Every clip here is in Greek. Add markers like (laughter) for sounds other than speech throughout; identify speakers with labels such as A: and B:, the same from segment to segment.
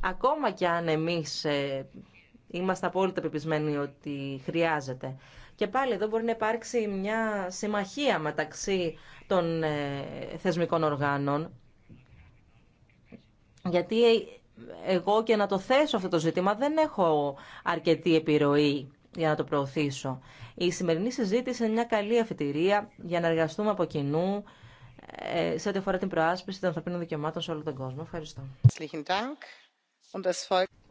A: Ακόμα και αν εμείς ε, είμαστε απόλυτα πεπισμένοι ότι χρειάζεται. Και πάλι εδώ μπορεί να υπάρξει μια συμμαχία μεταξύ των ε, θεσμικών οργάνων, γιατί ε, εγώ και να το θέσω αυτό το ζήτημα δεν έχω αρκετή επιρροή για να το προωθήσω. Η σημερινή συζήτηση είναι μια καλή αφιτηρία για να εργαστούμε από κοινού σε ό,τι αφορά την προάσπιση των ανθρωπίνων δικαιωμάτων σε όλο τον κόσμο. Ευχαριστώ.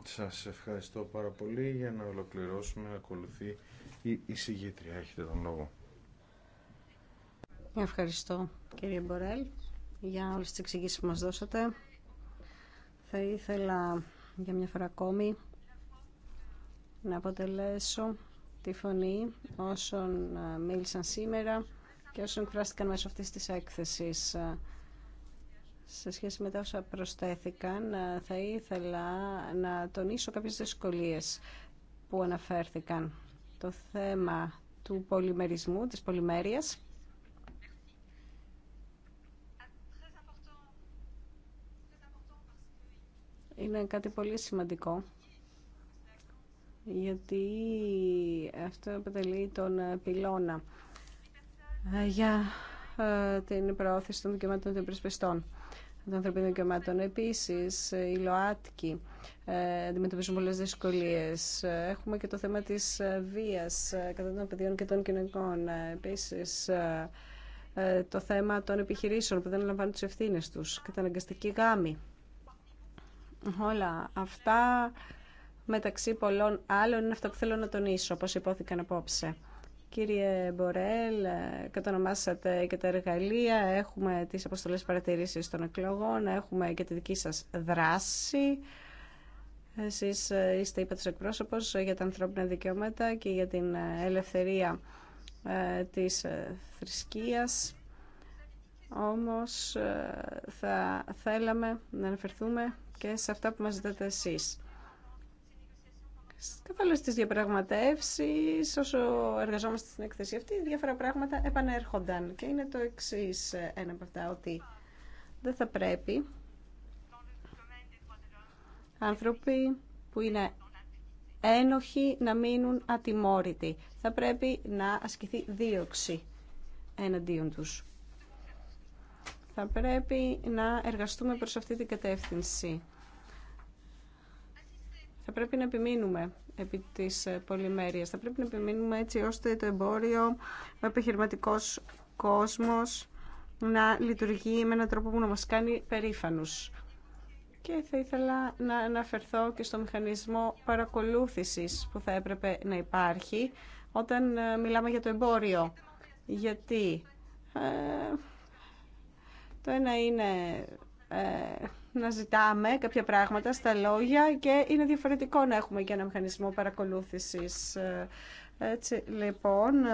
B: Σας ευχαριστώ πάρα πολύ. Για να ολοκληρώσουμε, ακολουθεί η εισηγήτρια. Έχετε τον λόγο.
C: Ευχαριστώ, κύριε Μπορέλ, για όλες τις εξηγήσεις που μας δώσατε. Θα ήθελα για μια φορά ακόμη να αποτελέσω τη φωνή όσων ε, μίλησαν σήμερα και όσων εκφράστηκαν μέσω αυτής της έκθεσης σε σχέση με τα όσα προσθέθηκαν, ε, θα ήθελα να τονίσω κάποιες δυσκολίες που αναφέρθηκαν. Το θέμα του πολυμερισμού, της πολυμέρειας. Είναι κάτι πολύ σημαντικό, γιατί αυτό αποτελεί τον πυλώνα ε, για ε, την προώθηση των δικαιωμάτων των υπερασπιστών των ανθρωπίνων δικαιωμάτων. Επίσης, οι ΛΟΑΤΚΙ ε, αντιμετωπίζουν πολλέ δυσκολίε. Έχουμε και το θέμα της ε, βίας ε, κατά των παιδιών και των κοινωνικών. Επίσης, το θέμα των επιχειρήσεων που δεν αναλαμβάνουν τι ευθύνε τους, καταναγκαστική γάμη. Όλα αυτά μεταξύ πολλών άλλων είναι αυτά που θέλω να τονίσω, όπως υπόθηκαν απόψε. Κύριε Μπορέλ, ε, κατονομάσατε και τα εργαλεία, έχουμε τις αποστολές παρατηρήσεις των εκλογών, έχουμε και τη δική σας δράση. Εσείς ε, είστε είπατε εκπρόσωπος για τα ανθρώπινα δικαιώματα και για την ε, ελευθερία της θρησκείας. Όμως θα θέλαμε να αναφερθούμε και σε αυτά που μας ζητάτε εσείς καθόλου όλες διαπραγματεύσει. διαπραγματεύσεις, όσο εργαζόμαστε στην έκθεση αυτή, διάφορα πράγματα επανέρχονταν. Και είναι το εξή ένα από αυτά, ότι δεν θα πρέπει άνθρωποι που είναι ένοχοι να μείνουν ατιμόρυτοι. Θα πρέπει να ασκηθεί δίωξη εναντίον τους. Θα πρέπει να εργαστούμε προς αυτή την κατεύθυνση. Θα πρέπει να επιμείνουμε επί της ε, πολυμέρειας. Θα πρέπει να επιμείνουμε έτσι ώστε το εμπόριο, ο επιχειρηματικό κόσμος να λειτουργεί με έναν τρόπο που να μας κάνει περήφανους. Και θα ήθελα να αναφερθώ και στο μηχανισμό παρακολούθησης που θα έπρεπε να υπάρχει όταν ε, μιλάμε για το εμπόριο. Γιατί ε, το ένα είναι να ζητάμε κάποια πράγματα στα λόγια και είναι διαφορετικό να έχουμε και ένα μηχανισμό παρακολούθησης. Ε, έτσι, λοιπόν,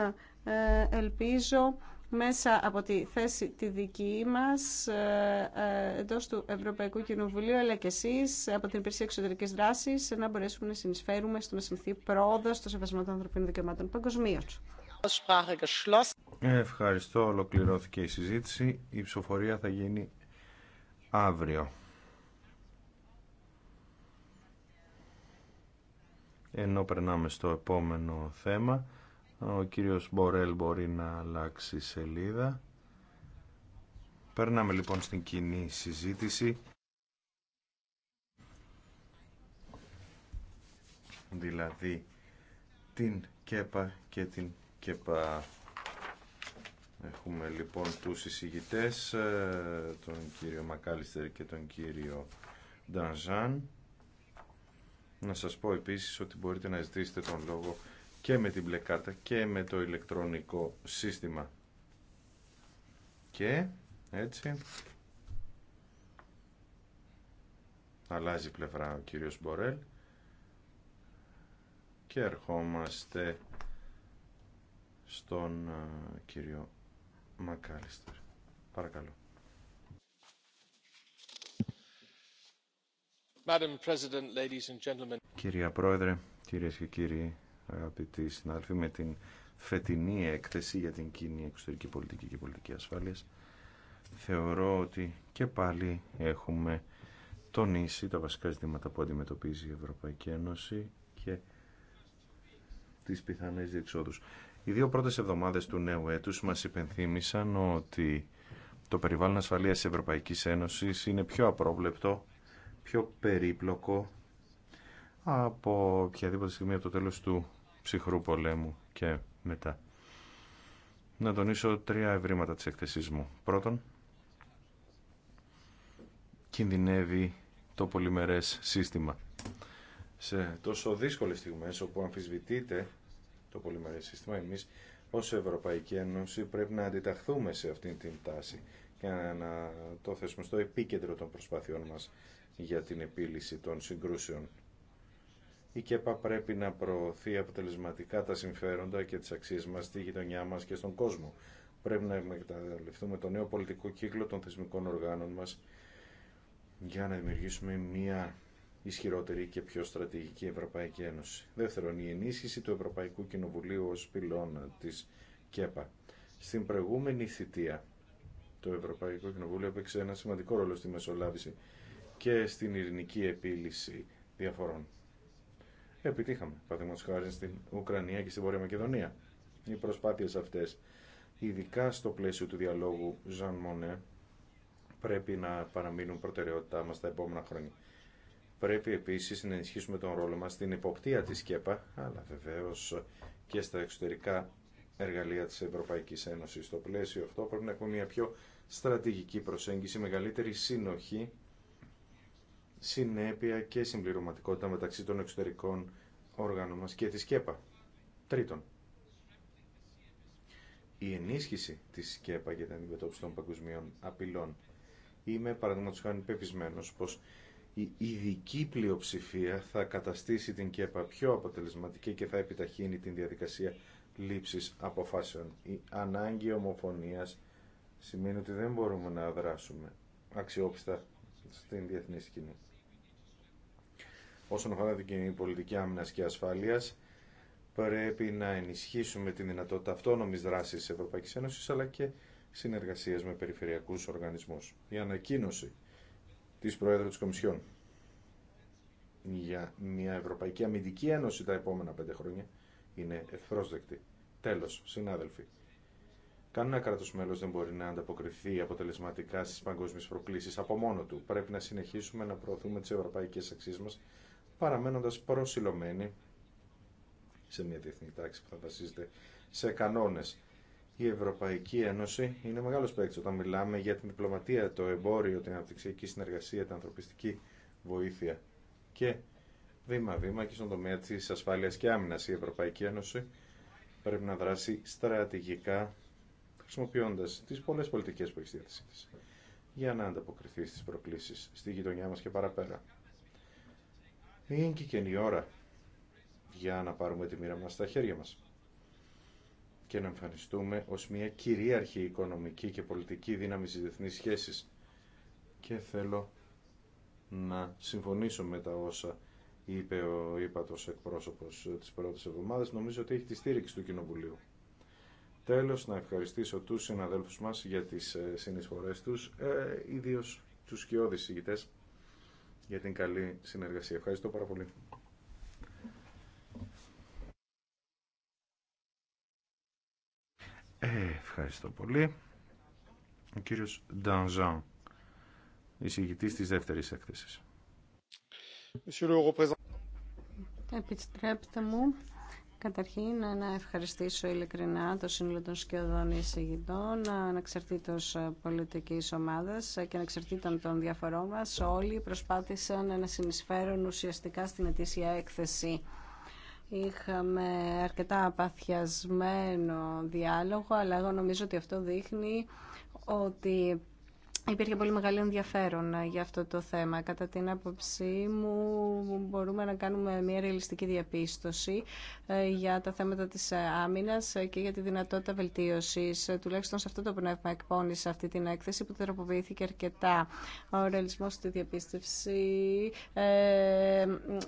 C: ε, ελπίζω μέσα από τη θέση τη δική μας ε, εντό του Ευρωπαϊκού Κοινοβουλίου αλλά και εσείς από την Υπηρεσία Εξωτερικής Δράσης να μπορέσουμε να συνεισφέρουμε στο να συμφθεί πρόοδο στο σεβασμό των ανθρωπίνων δικαιωμάτων παγκοσμίω.
B: Ευχαριστώ. Ολοκληρώθηκε η συζήτηση. Η ψηφοφορία θα γίνει αύριο. ενώ περνάμε στο επόμενο θέμα. Ο κύριος Μπορέλ μπορεί να αλλάξει σελίδα. Περνάμε λοιπόν στην κοινή συζήτηση. Δηλαδή την ΚΕΠΑ και την ΚΕΠΑ. Έχουμε λοιπόν τους συζητητές, ε, τον κύριο Μακάλιστερ και τον κύριο Ντανζάν. Να σας πω επίσης ότι μπορείτε να ζητήσετε τον λόγο και με την μπλε κάρτα και με το ηλεκτρονικό σύστημα. Και έτσι αλλάζει πλευρά ο κύριος Μπορέλ και ερχόμαστε στον ε, κύριο Μακάλιστερ. Παρακαλώ. Κυρία Πρόεδρε, κυρίε και κύριοι, αγαπητοί συνάδελφοι, με την φετινή έκθεση για την κοινή εξωτερική πολιτική και πολιτική ασφάλειας, θεωρώ ότι και πάλι έχουμε τονίσει τα βασικά ζητήματα που αντιμετωπίζει η Ευρωπαϊκή Ένωση και τις πιθανές διεξόδου. Οι δύο πρώτες εβδομάδες του νέου έτους μας υπενθύμησαν ότι το περιβάλλον ασφαλείας της Ευρωπαϊκής Ένωσης είναι πιο απρόβλεπτο πιο περίπλοκο από οποιαδήποτε στιγμή από το τέλος του ψυχρού πολέμου και μετά. Να τονίσω τρία ευρήματα της εκθεσής μου. Πρώτον, κινδυνεύει το πολυμερές σύστημα. Σε τόσο δύσκολες στιγμές όπου αμφισβητείται το πολυμερές σύστημα, εμείς ως Ευρωπαϊκή Ένωση πρέπει να αντιταχθούμε σε αυτήν την τάση και να το θέσουμε στο επίκεντρο των προσπάθειών μας για την επίλυση των συγκρούσεων. Η ΚΕΠΑ πρέπει να προωθεί αποτελεσματικά τα συμφέροντα και τις αξίες μας στη γειτονιά μας και στον κόσμο. Πρέπει να εκμεταλλευτούμε το νέο πολιτικό κύκλο των θεσμικών οργάνων μας για να δημιουργήσουμε μια ισχυρότερη και πιο στρατηγική Ευρωπαϊκή Ένωση. Δεύτερον, η ενίσχυση του Ευρωπαϊκού Κοινοβουλίου ως πυλώνα της ΚΕΠΑ. Στην προηγούμενη θητεία, το Ευρωπαϊκό Κοινοβούλιο έπαιξε ένα σημαντικό ρόλο στη μεσολάβηση και στην ειρηνική επίλυση διαφορών. Επιτύχαμε, παραδείγματο χάρη στην Ουκρανία και στην Βόρεια Μακεδονία. Οι προσπάθειε αυτέ. ειδικά στο πλαίσιο του διαλόγου Ζαν Μονέ, πρέπει να παραμείνουν προτεραιότητά μα τα επόμενα χρόνια. Πρέπει επίση να ενισχύσουμε τον ρόλο μα στην υποπτία τη ΚΕΠΑ, αλλά βεβαίω και στα εξωτερικά εργαλεία της Ευρωπαϊκής Ένωσης. Στο πλαίσιο αυτό πρέπει να έχουμε μια πιο στρατηγική προσέγγιση, μεγαλύτερη συνοχή συνέπεια και συμπληρωματικότητα μεταξύ των εξωτερικών όργανων μας και της ΚΕΠΑ. Τρίτον, η ενίσχυση της ΚΕΠΑ για την αντιμετώπιση των παγκοσμίων απειλών. Είμαι παραδείγματος χάνει πεπισμένος πως η ειδική πλειοψηφία θα καταστήσει την ΚΕΠΑ πιο αποτελεσματική και θα επιταχύνει την διαδικασία λήψης αποφάσεων. Η ανάγκη ομοφωνίας σημαίνει ότι δεν μπορούμε να δράσουμε αξιόπιστα στην διεθνή σκηνή. Όσον αφορά την κοινή πολιτική άμυνας και ασφάλειας, πρέπει να ενισχύσουμε τη δυνατότητα αυτόνομης δράσης της Ευρωπαϊκής Ένωσης, αλλά και συνεργασίας με περιφερειακούς οργανισμούς. Η ανακοίνωση της Προέδρου της Κομισιόν για μια Ευρωπαϊκή Αμυντική Ένωση τα επόμενα πέντε χρόνια είναι ευπρόσδεκτη. Τέλος, συνάδελφοι. Κανένα κράτο μέλο δεν μπορεί να ανταποκριθεί αποτελεσματικά στι παγκόσμιε προκλήσει από μόνο του. Πρέπει να συνεχίσουμε να προωθούμε τι ευρωπαϊκέ αξίε μα παραμένοντας προσιλωμένοι σε μια διεθνή τάξη που θα βασίζεται σε κανόνες. Η Ευρωπαϊκή Ένωση είναι μεγάλο παίκτη όταν μιλάμε για την διπλωματία, το εμπόριο, την αναπτυξιακή συνεργασία, την ανθρωπιστική βοήθεια και βήμα-βήμα και στον τομέα τη ασφάλεια και άμυνας η Ευρωπαϊκή Ένωση πρέπει να δράσει στρατηγικά χρησιμοποιώντα τι πολλέ πολιτικέ που έχει στη διάθεσή τη για να ανταποκριθεί στις προκλήσει στη γειτονιά μα και παραπέρα. Είναι και καινή ώρα για να πάρουμε τη μοίρα μας στα χέρια μας και να εμφανιστούμε ως μια κυρίαρχη οικονομική και πολιτική δύναμη στις διεθνείς σχέσεις. Και θέλω να συμφωνήσω με τα όσα είπε ο ύπατος εκπρόσωπος της πρώτης εβδομάδας. Νομίζω ότι έχει τη στήριξη του Κοινοβουλίου. Τέλος, να ευχαριστήσω τους συναδέλφους μας για τις ε, συνεισφορές τους, ε, ιδίως τους σκιώδεις για την καλή συνεργασία. Ευχαριστώ πάρα πολύ. Ε, ευχαριστώ πολύ. Ο κύριος Ντανζάν, εισηγητής της δεύτερης έκθεσης.
C: Επιτρέψτε μου Καταρχήν να ευχαριστήσω ειλικρινά το σύνολο των σκιωδών εισηγητών, ανεξαρτήτως πολιτικής ομάδας και ανεξαρτήτων των διαφορών μας. Όλοι προσπάθησαν να συνεισφέρουν ουσιαστικά στην ετήσια έκθεση. Είχαμε αρκετά απαθιασμένο διάλογο, αλλά εγώ νομίζω ότι αυτό δείχνει ότι Υπήρχε πολύ μεγάλο ενδιαφέρον ε, για αυτό το θέμα. Κατά την άποψή μου μπορούμε να κάνουμε μια ρεαλιστική διαπίστωση ε, για τα θέματα της ε, άμυνας και για τη δυνατότητα βελτίωσης. Τουλάχιστον σε αυτό το πνεύμα εκπώνησε αυτή την έκθεση που τροποποιήθηκε αρκετά. Ο ρεαλισμός στη διαπίστευση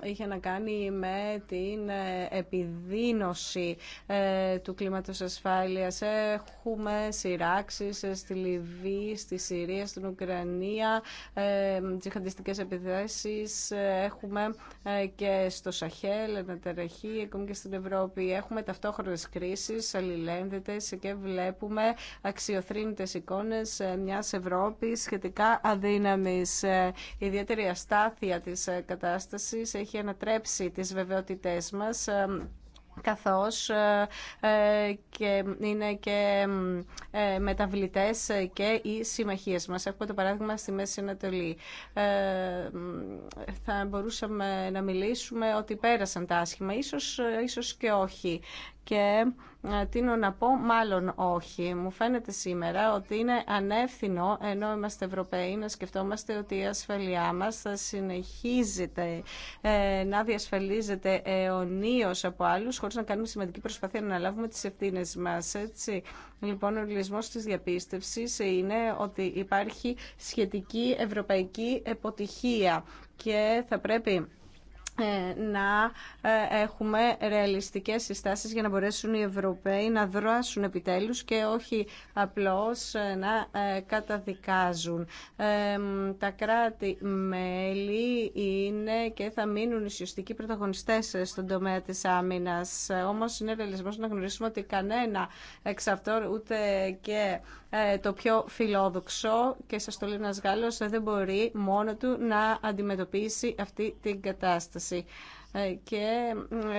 C: είχε να κάνει με την επιδίνωση του κλίματος ασφάλειας. Έχουμε σειράξεις στη Λιβύη, στη Συρία, στην Ουκρανία, ε, τζιχαντιστικές επιθέσεις, ε, έχουμε ε, και στο Σαχέλ, ανατεραχή, ακόμη και στην Ευρώπη. Έχουμε ταυτόχρονες κρίσεις, αλληλένδετες και βλέπουμε αξιοθρύνητες εικόνες μιας Ευρώπης σχετικά αδύναμης. Η ιδιαίτερη αστάθεια της κατάστασης έχει ανατρέψει τις βεβαιότητές μας καθώς ε, ε, και είναι και ε, μεταβλητές και οι συμμαχίες μας. Έχουμε το παράδειγμα στη Μέση Ανατολή. Θα μπορούσαμε να μιλήσουμε ότι πέρασαν τα άσχημα, ίσως, ίσως και όχι και ε, τι να πω, μάλλον όχι. Μου φαίνεται σήμερα ότι είναι ανεύθυνο, ενώ είμαστε Ευρωπαίοι, να σκεφτόμαστε ότι η ασφαλειά μας θα συνεχίζεται ε, να διασφαλίζεται αιωνίως από άλλους, χωρίς να κάνουμε σημαντική προσπάθεια να αναλάβουμε τις ευθύνε μας. Έτσι. Λοιπόν, ο λυσμός της διαπίστευσης είναι ότι υπάρχει σχετική ευρωπαϊκή εποτυχία και θα πρέπει ε, να ε, έχουμε ρεαλιστικές συστάσεις για να μπορέσουν οι Ευρωπαίοι να δράσουν επιτέλους και όχι απλώς ε, να καταδικάζουν. Τα κράτη-μέλη είναι και θα μείνουν ουσιαστικοί πρωταγωνιστές στον τομέα της άμυνας. Όμως είναι ρεαλισμός να γνωρίσουμε ότι κανένα εξ αυτών ούτε και το πιο φιλόδοξο και σας το λέει ένας Γάλλος δεν μπορεί μόνο του να αντιμετωπίσει αυτή την κατάσταση. Ε, και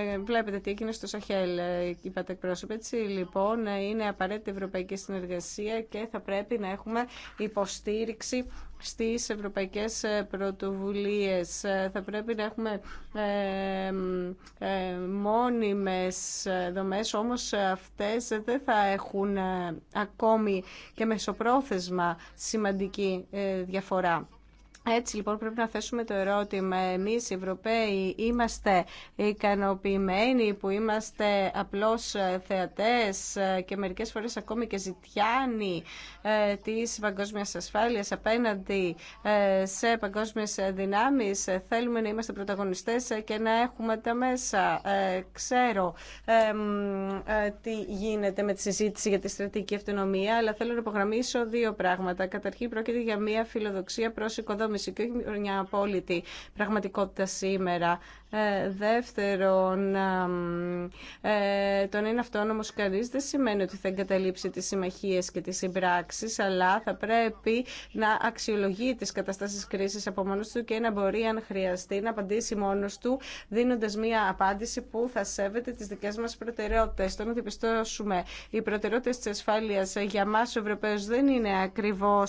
C: ε, βλέπετε τι έγινε στο Σαχέλ, ε, είπατε εκπρόσωπε. Έτσι λοιπόν είναι απαραίτητη ευρωπαϊκή συνεργασία και θα πρέπει να έχουμε υποστήριξη στις ευρωπαϊκές πρωτοβουλίες. Θα πρέπει να έχουμε ε, ε, μόνιμες δομές, όμως αυτές δεν θα έχουν ακόμη και μεσοπρόθεσμα σημαντική διαφορά. Έτσι λοιπόν πρέπει να θέσουμε το ερώτημα, εμείς οι Ευρωπαίοι είμαστε ικανοποιημένοι που είμαστε απλώς ε, θεατές ε, και μερικές φορές ακόμη και ζητιάνοι ε, της παγκόσμιας ασφάλειας απέναντι σε παγκόσμιες δυνάμεις. Θέλουμε να είμαστε πρωταγωνιστές και να έχουμε τα μέσα. Ξέρω τι γίνεται με τη συζήτηση για τη στρατηγική αυτονομία, αλλά θέλω να υπογραμμίσω δύο πράγματα. Καταρχήν πρόκειται για μια φιλοδοξία προς μισή και όχι μια απόλυτη πραγματικότητα σήμερα. Ε, δεύτερον, τον ε, το να είναι αυτόνομο κανεί δεν σημαίνει ότι θα εγκαταλείψει τι συμμαχίε και τι συμπράξει, αλλά θα πρέπει να αξιολογεί τι καταστάσει κρίση από μόνο του και να μπορεί, αν χρειαστεί, να απαντήσει μόνο του, δίνοντα μία απάντηση που θα σέβεται τι δικέ μα προτεραιότητε. Το να διαπιστώσουμε οι προτεραιότητε τη ασφάλεια για εμά, ο Ευρωπαίου, δεν είναι ακριβώ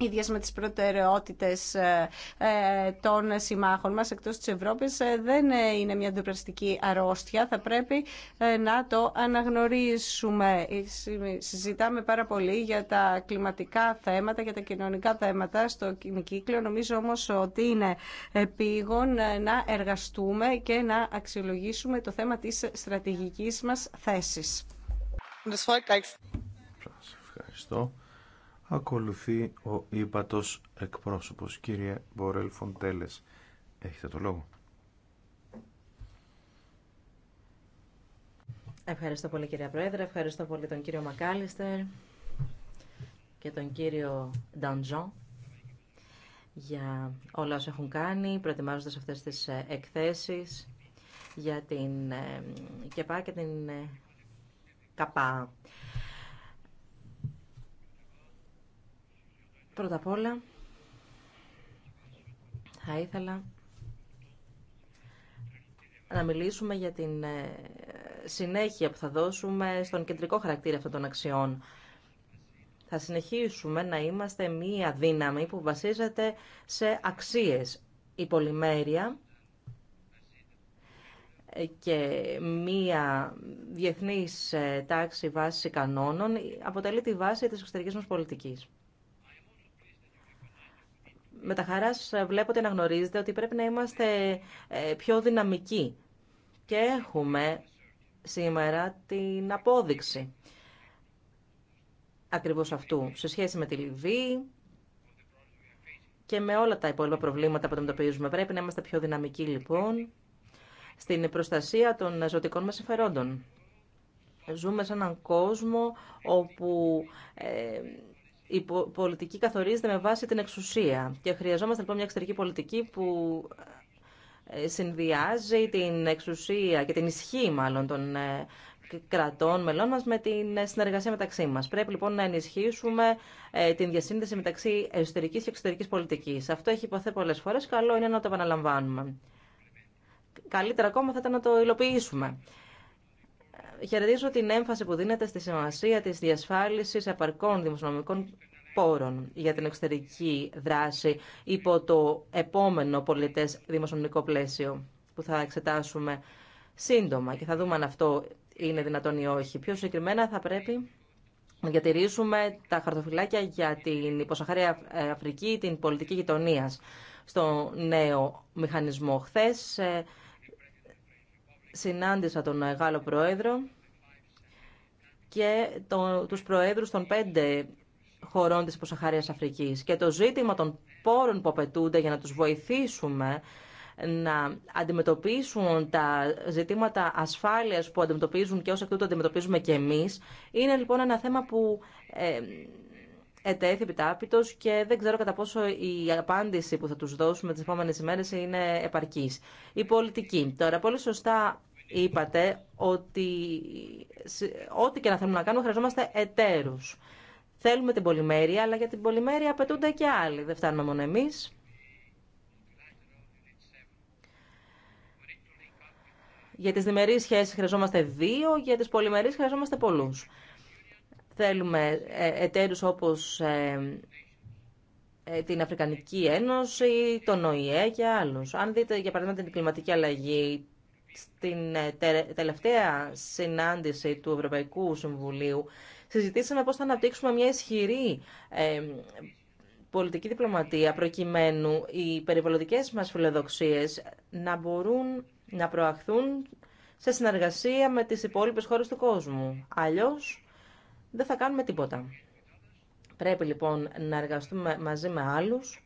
C: ίδιες με τις προτεραιότητες ε, ε, των συμμάχων μας εκτός της Ευρώπης ε, δεν είναι μια αντιπραστική αρρώστια. Θα πρέπει να το αναγνωρίσουμε. Συζητάμε πάρα πολύ για τα κλιματικά θέματα, για τα κοινωνικά θέματα στο κύκλο. Νομίζω όμως ότι είναι επίγον να εργαστούμε και να αξιολογήσουμε το θέμα της στρατηγικής μας θέσης.
B: Ακολουθεί ο ύπατος εκπρόσωπος. Κύριε Μπορέλ Φοντέλες, έχετε το λόγο.
A: Ευχαριστώ πολύ κυρία Πρόεδρε, ευχαριστώ πολύ τον κύριο Μακάλιστερ και τον κύριο Νταντζόν για όλα όσα έχουν κάνει, προετοιμάζοντας αυτές τις ε, εκθέσεις για την ε, ΚΕΠΑ και την ε, ΚΑΠΑ. Πρώτα απ' όλα, θα ήθελα να μιλήσουμε για την ε, συνέχεια που θα δώσουμε στον κεντρικό χαρακτήρα αυτών των αξιών. Θα συνεχίσουμε να είμαστε μία δύναμη που βασίζεται σε αξίες. Η πολυμέρεια και μία διεθνής ε, τάξη βάση κανόνων αποτελεί τη βάση της εξωτερικής μας πολιτικής με τα χαράς βλέπω να γνωρίζετε ότι πρέπει να είμαστε ε, πιο δυναμικοί. Και έχουμε σήμερα την απόδειξη ακριβώς αυτού σε σχέση με τη Λιβύη και με όλα τα υπόλοιπα προβλήματα που αντιμετωπίζουμε. Πρέπει να είμαστε πιο δυναμικοί λοιπόν στην προστασία των ζωτικών μας συμφερόντων. Ζούμε σε έναν κόσμο όπου ε, η πολιτική καθορίζεται με βάση την εξουσία και χρειαζόμαστε λοιπόν μια εξωτερική πολιτική που ε, συνδυάζει την εξουσία και την ισχύ μάλλον των ε, κρατών μελών μας με την ε, συνεργασία μεταξύ μας. Πρέπει λοιπόν να ενισχύσουμε την διασύνδεση μεταξύ εσωτερικής και εξωτερικής πολιτικής. Αυτό έχει υποθέσει πολλές φορές, καλό είναι να το επαναλαμβάνουμε. Καλύτερα ακόμα θα ήταν να το υλοποιήσουμε χαιρετίζω την έμφαση που δίνεται στη σημασία της διασφάλισης επαρκών δημοσιονομικών πόρων για την εξωτερική δράση υπό το επόμενο πολιτές δημοσιονομικό πλαίσιο που θα εξετάσουμε σύντομα και θα δούμε αν αυτό είναι δυνατόν ή όχι. Πιο συγκεκριμένα θα πρέπει να διατηρήσουμε τα χαρτοφυλάκια για την υποσαχάρια Αφρική, την πολιτική γειτονία στο νέο μηχανισμό. Χθες ε, συνάντησα τον μεγάλο Πρόεδρο και το, τους Προέδρους των πέντε χωρών της Ποσαχάριας Αφρικής. Και το ζήτημα των πόρων που απαιτούνται για να τους βοηθήσουμε να αντιμετωπίσουν τα ζητήματα ασφάλειας που αντιμετωπίζουν και ως εκ τούτου αντιμετωπίζουμε και εμείς, είναι λοιπόν ένα θέμα που ε, ετέθη επιτάπητο και δεν ξέρω κατά πόσο η απάντηση που θα του δώσουμε τις επόμενες ημέρε είναι επαρκής. Η πολιτική. Τώρα, πολύ σωστά είπατε ότι ό,τι και να θέλουμε να κάνουμε χρειαζόμαστε εταίρου. Θέλουμε την πολυμέρεια, αλλά για την πολυμέρεια απαιτούνται και άλλοι. Δεν φτάνουμε μόνο εμείς. Για τις διμερείς σχέσεις χρειαζόμαστε δύο, για τις πολυμερείς χρειαζόμαστε πολλούς. Θέλουμε ε, εταίρους όπως ε, ε, την Αφρικανική Ένωση, τον ΟΗΕ και άλλους. Αν δείτε για παράδειγμα την κλιματική αλλαγή, στην τελευταία συνάντηση του Ευρωπαϊκού Συμβουλίου συζητήσαμε πώς θα αναπτύξουμε μια ισχυρή πολιτική διπλωματία προκειμένου οι περιβαλλοντικές μας φιλοδοξίες να μπορούν να προαχθούν σε συνεργασία με τις υπόλοιπες χώρες του κόσμου. Αλλιώς δεν θα κάνουμε τίποτα. Πρέπει λοιπόν να εργαστούμε μαζί με άλλους,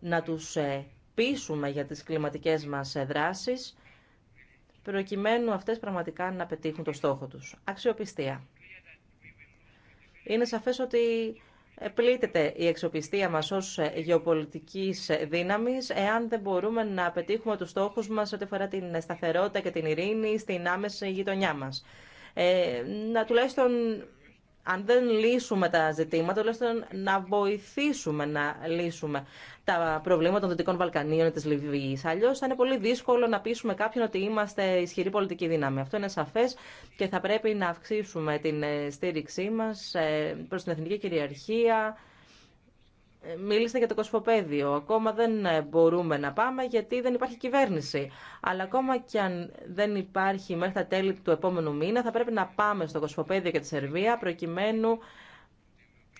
A: να τους ε, πείσουμε για τις κλιματικές μας ε, δράσεις, προκειμένου αυτές πραγματικά να πετύχουν το στόχο τους. Αξιοπιστία. Είναι σαφές ότι ε, πλήττεται η αξιοπιστία μας ως γεωπολιτικής δύναμης εάν δεν μπορούμε να πετύχουμε τους στόχους μας ό,τι αφορά την σταθερότητα και την ειρήνη στην άμεση γειτονιά μας. Ε, να τουλάχιστον αν δεν λύσουμε τα ζητήματα, τουλάχιστον να βοηθήσουμε να λύσουμε τα προβλήματα των Δυτικών Βαλκανίων και τη Λιβύη. Αλλιώ θα είναι πολύ δύσκολο να πείσουμε κάποιον ότι είμαστε ισχυρή πολιτική δύναμη. Αυτό είναι σαφέ και θα πρέπει να αυξήσουμε την ε, στήριξή μα ε, προ την εθνική κυριαρχία ε, Μίλησα για το κοσμοπέδιο. Ακόμα δεν ε, μπορούμε να πάμε γιατί δεν υπάρχει κυβέρνηση. Αλλά ακόμα και αν δεν υπάρχει μέχρι τα τέλη του επόμενου μήνα, θα πρέπει να πάμε στο κοσμοπέδιο και τη Σερβία προκειμένου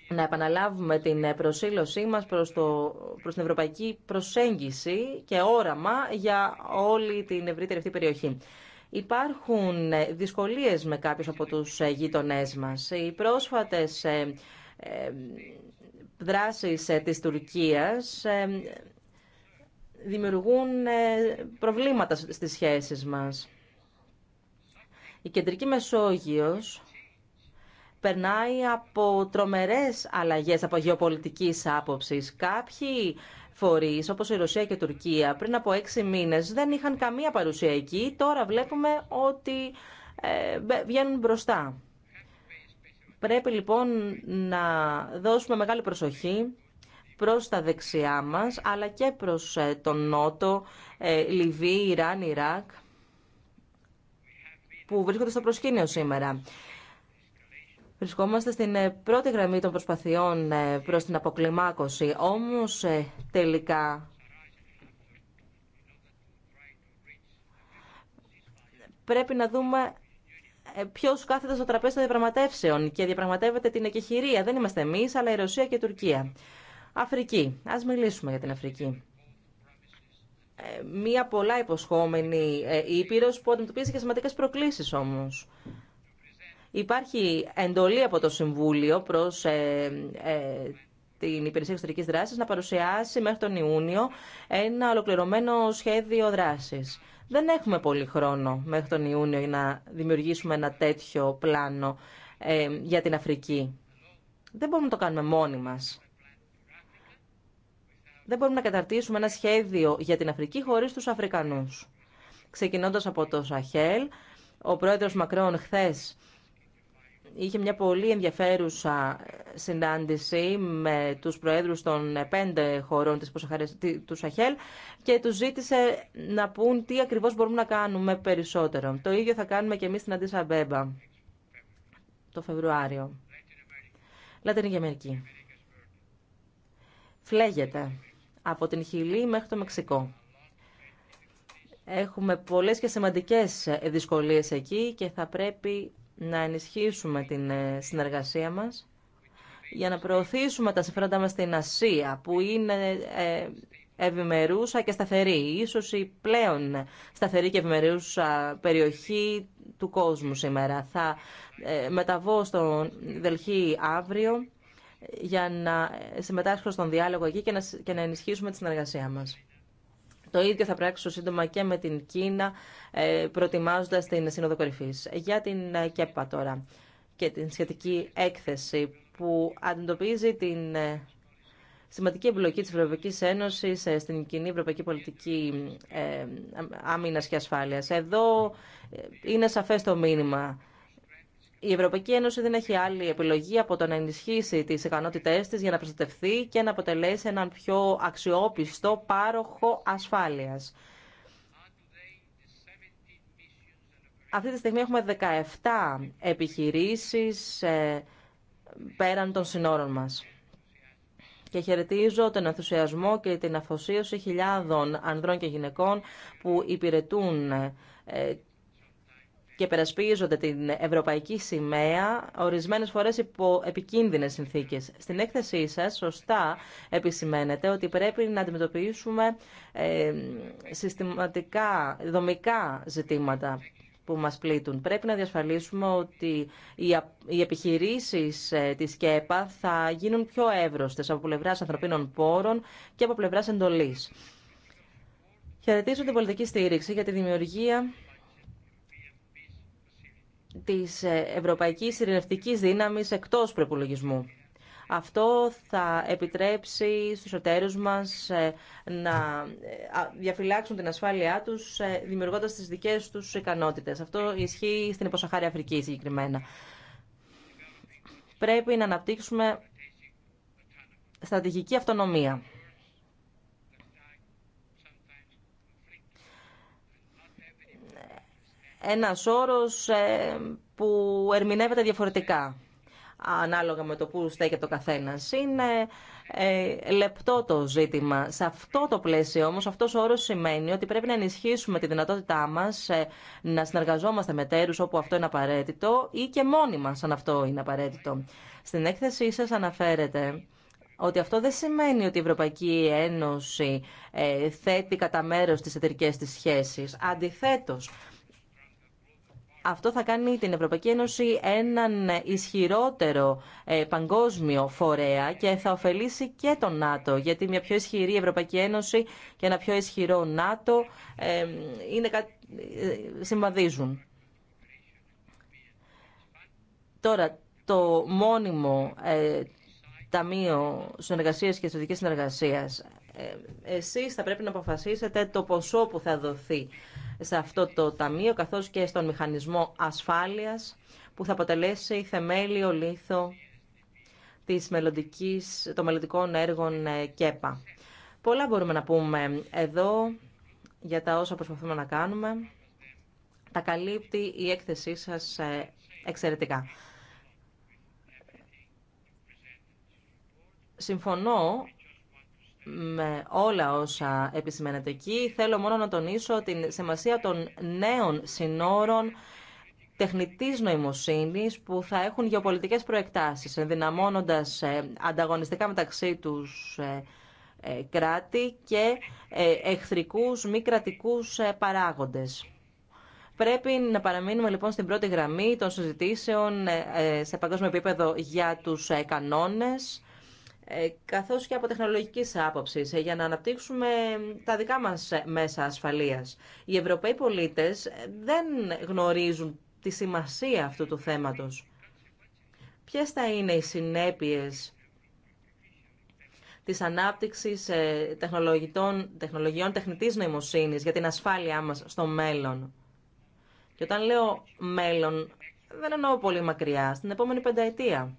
A: να επαναλάβουμε την ε, προσήλωσή μας προς, το, προς την ευρωπαϊκή προσέγγιση και όραμα για όλη την ευρύτερη αυτή περιοχή. Υπάρχουν δυσκολίες με κάποιους από τους γείτονές μας. Οι πρόσφατες δράσεις ε, της Τουρκίας ε, δημιουργούν ε, προβλήματα στις σχέσεις μας. Η Κεντρική Μεσόγειος περνάει από τρομερές αλλαγές από γεωπολιτικής άποψης. Κάποιοι φορείς όπως η Ρωσία και η Τουρκία πριν από έξι μήνες δεν είχαν καμία παρουσία εκεί. Τώρα βλέπουμε ότι βγαίνουν μπροστά. Πρέπει λοιπόν να δώσουμε μεγάλη προσοχή προς τα δεξιά μας, αλλά και προς ε, τον Νότο, ε, Λιβύη, Ιράν, Ιράκ, που βρίσκονται στο προσκήνιο σήμερα. Βρισκόμαστε στην ε, πρώτη γραμμή των προσπαθειών προς την αποκλιμάκωση, όμως τελικά πρέπει να δούμε ε, ποιο κάθεται στο τραπέζι των διαπραγματεύσεων και διαπραγματεύεται την εκεχηρία. Δεν είμαστε εμεί, αλλά η Ρωσία και η Τουρκία. Αφρική. Α μιλήσουμε για την Αφρική. Ε, μία πολλά υποσχόμενη ε, ήπειρο που αντιμετωπίζει και σημαντικέ προκλήσει όμω. Υπάρχει εντολή από το Συμβούλιο προ την Υπηρεσία Εξωτερική Δράση να παρουσιάσει μέχρι τον Ιούνιο ένα ολοκληρωμένο σχέδιο δράση. Δεν έχουμε πολύ χρόνο μέχρι τον Ιούνιο για να δημιουργήσουμε ένα τέτοιο πλάνο ε, για την Αφρική. Δεν μπορούμε να το κάνουμε μόνοι μας. Δεν μπορούμε να καταρτήσουμε ένα σχέδιο για την Αφρική χωρίς τους Αφρικανούς. Ξεκινώντας από το Σαχέλ, ο πρόεδρος Μακρόν χθες είχε μια πολύ ενδιαφέρουσα συνάντηση με τους προέδρους των πέντε χωρών της του Σαχέλ και τους ζήτησε να πούν τι ακριβώς μπορούμε να κάνουμε περισσότερο. Το ίδιο θα κάνουμε και εμείς στην Αντίσα Μπέμπα το Φεβρουάριο. Λατινική Αμερική. Φλέγεται από την Χιλή μέχρι το Μεξικό. Έχουμε πολλές και σημαντικές δυσκολίες εκεί και θα πρέπει να ενισχύσουμε την ε, συνεργασία μας για να προωθήσουμε τα συμφέροντα μας στην Ασία, που είναι ε, ευημερούσα και σταθερή, ίσως η πλέον σταθερή και ευημερούσα περιοχή του κόσμου σήμερα. Θα ε, μεταβώ στον Δελχή αύριο για να συμμετάσχω στον διάλογο εκεί και να, και να ενισχύσουμε τη συνεργασία μας. Το ίδιο θα πράξω σύντομα και με την Κίνα, ε, προετοιμάζοντα την Σύνοδο Κορυφή. Για την ε, ΚΕΠΑ τώρα και την σχετική έκθεση που αντιμετωπίζει την ε, σημαντική εμπλοκή της Ευρωπαϊκής Ένωσης στην κοινή ευρωπαϊκή πολιτική άμυνας και ασφάλειας. Εδώ είναι σαφές το μήνυμα η Ευρωπαϊκή Ένωση δεν έχει άλλη επιλογή από το να ενισχύσει τι ικανότητε τη για να προστατευθεί και να αποτελέσει έναν πιο αξιόπιστο πάροχο ασφάλειας. Αυτή τη στιγμή έχουμε 17 επιχειρήσεις ε, πέραν των συνόρων μας. Και χαιρετίζω τον ενθουσιασμό και την αφοσίωση χιλιάδων ανδρών και γυναικών που υπηρετούν ε, και περασπίζονται την ευρωπαϊκή σημαία, ορισμένες φορές υπό επικίνδυνες συνθήκες. Στην έκθεσή σας, σωστά επισημαίνεται ότι πρέπει να αντιμετωπίσουμε ε, συστηματικά, δομικά ζητήματα που μας πλήττουν. Πρέπει να διασφαλίσουμε ότι οι επιχειρήσεις ε, της ΚΕΠΑ θα γίνουν πιο εύρωστες από πλευράς ανθρωπίνων πόρων και από πλευράς εντολής. Χαιρετίζω την πολιτική στήριξη για τη δημιουργία της ε, Ευρωπαϊκής Ειρηνευτικής Δύναμης εκτός προπολογισμού. Αυτό θα επιτρέψει στους εταίρους μας ε, να ε, διαφυλάξουν την ασφάλειά τους δημιουργώντας τις δικές τους ικανότητες. Αυτό ισχύει στην υποσαχάρια Αφρική συγκεκριμένα. Πρέπει να αναπτύξουμε στρατηγική αυτονομία ένας όρος ε, που ερμηνεύεται διαφορετικά ανάλογα με το που στέκεται ο καθένας. Είναι ε, λεπτό το ζήτημα. Σε αυτό το πλαίσιο όμως αυτός ο όρος σημαίνει ότι πρέπει να ενισχύσουμε τη δυνατότητά μας ε, να συνεργαζόμαστε με τέρους όπου αυτό είναι απαραίτητο ή και μόνοι μας αν αυτό είναι απαραίτητο. Στην έκθεσή σας αναφέρεται ότι αυτό δεν σημαίνει ότι η Ευρωπαϊκή Ένωση ε, θέτει κατά μέρος τις εταιρικές της σχέσεις. Αντιθέτως, αυτό θα κάνει την Ευρωπαϊκή Ένωση έναν ισχυρότερο ε, παγκόσμιο φορέα και θα ωφελήσει και τον ΝΑΤΟ, γιατί μια πιο ισχυρή Ευρωπαϊκή Ένωση και ένα πιο ισχυρό ΝΑΤΟ ε, είναι, ε, συμβαδίζουν. Τώρα, το μόνιμο Ταμείο Συνεργασίας και στρατικής Συνεργασίας ε, εσείς θα πρέπει να αποφασίσετε το ποσό που θα δοθεί σε αυτό το ταμείο, καθώς και στον μηχανισμό ασφάλειας που θα αποτελέσει θεμέλιο λίθο της μελλοντικής, των μελλοντικών έργων ε, ΚΕΠΑ. Πολλά μπορούμε να πούμε εδώ για τα όσα προσπαθούμε να κάνουμε. Τα καλύπτει η έκθεσή σας ε, εξαιρετικά. Συμφωνώ με όλα όσα επισημαίνεται εκεί. Θέλω μόνο να τονίσω την σημασία των νέων συνόρων τεχνητής νοημοσύνης που θα έχουν γεωπολιτικές προεκτάσεις, ενδυναμώνοντας ε, ανταγωνιστικά μεταξύ τους ε, ε, κράτη και εχθρικούς μη κρατικούς παράγοντες. Πρέπει να παραμείνουμε λοιπόν στην πρώτη γραμμή των συζητήσεων σε παγκόσμιο επίπεδο για τους κανόνες ε, καθώς και από τεχνολογικής άποψης ε, για να αναπτύξουμε τα δικά μας ε, μέσα ασφαλείας. Οι Ευρωπαίοι πολίτες δεν γνωρίζουν τη σημασία αυτού του θέματος. Ποιες θα είναι οι συνέπειες της ανάπτυξης τεχνολογιών, τεχνολογιών τεχνητής νοημοσύνης για την ασφάλειά μας στο μέλλον. Και όταν λέω μέλλον, δεν εννοώ πολύ μακριά, στην επόμενη πενταετία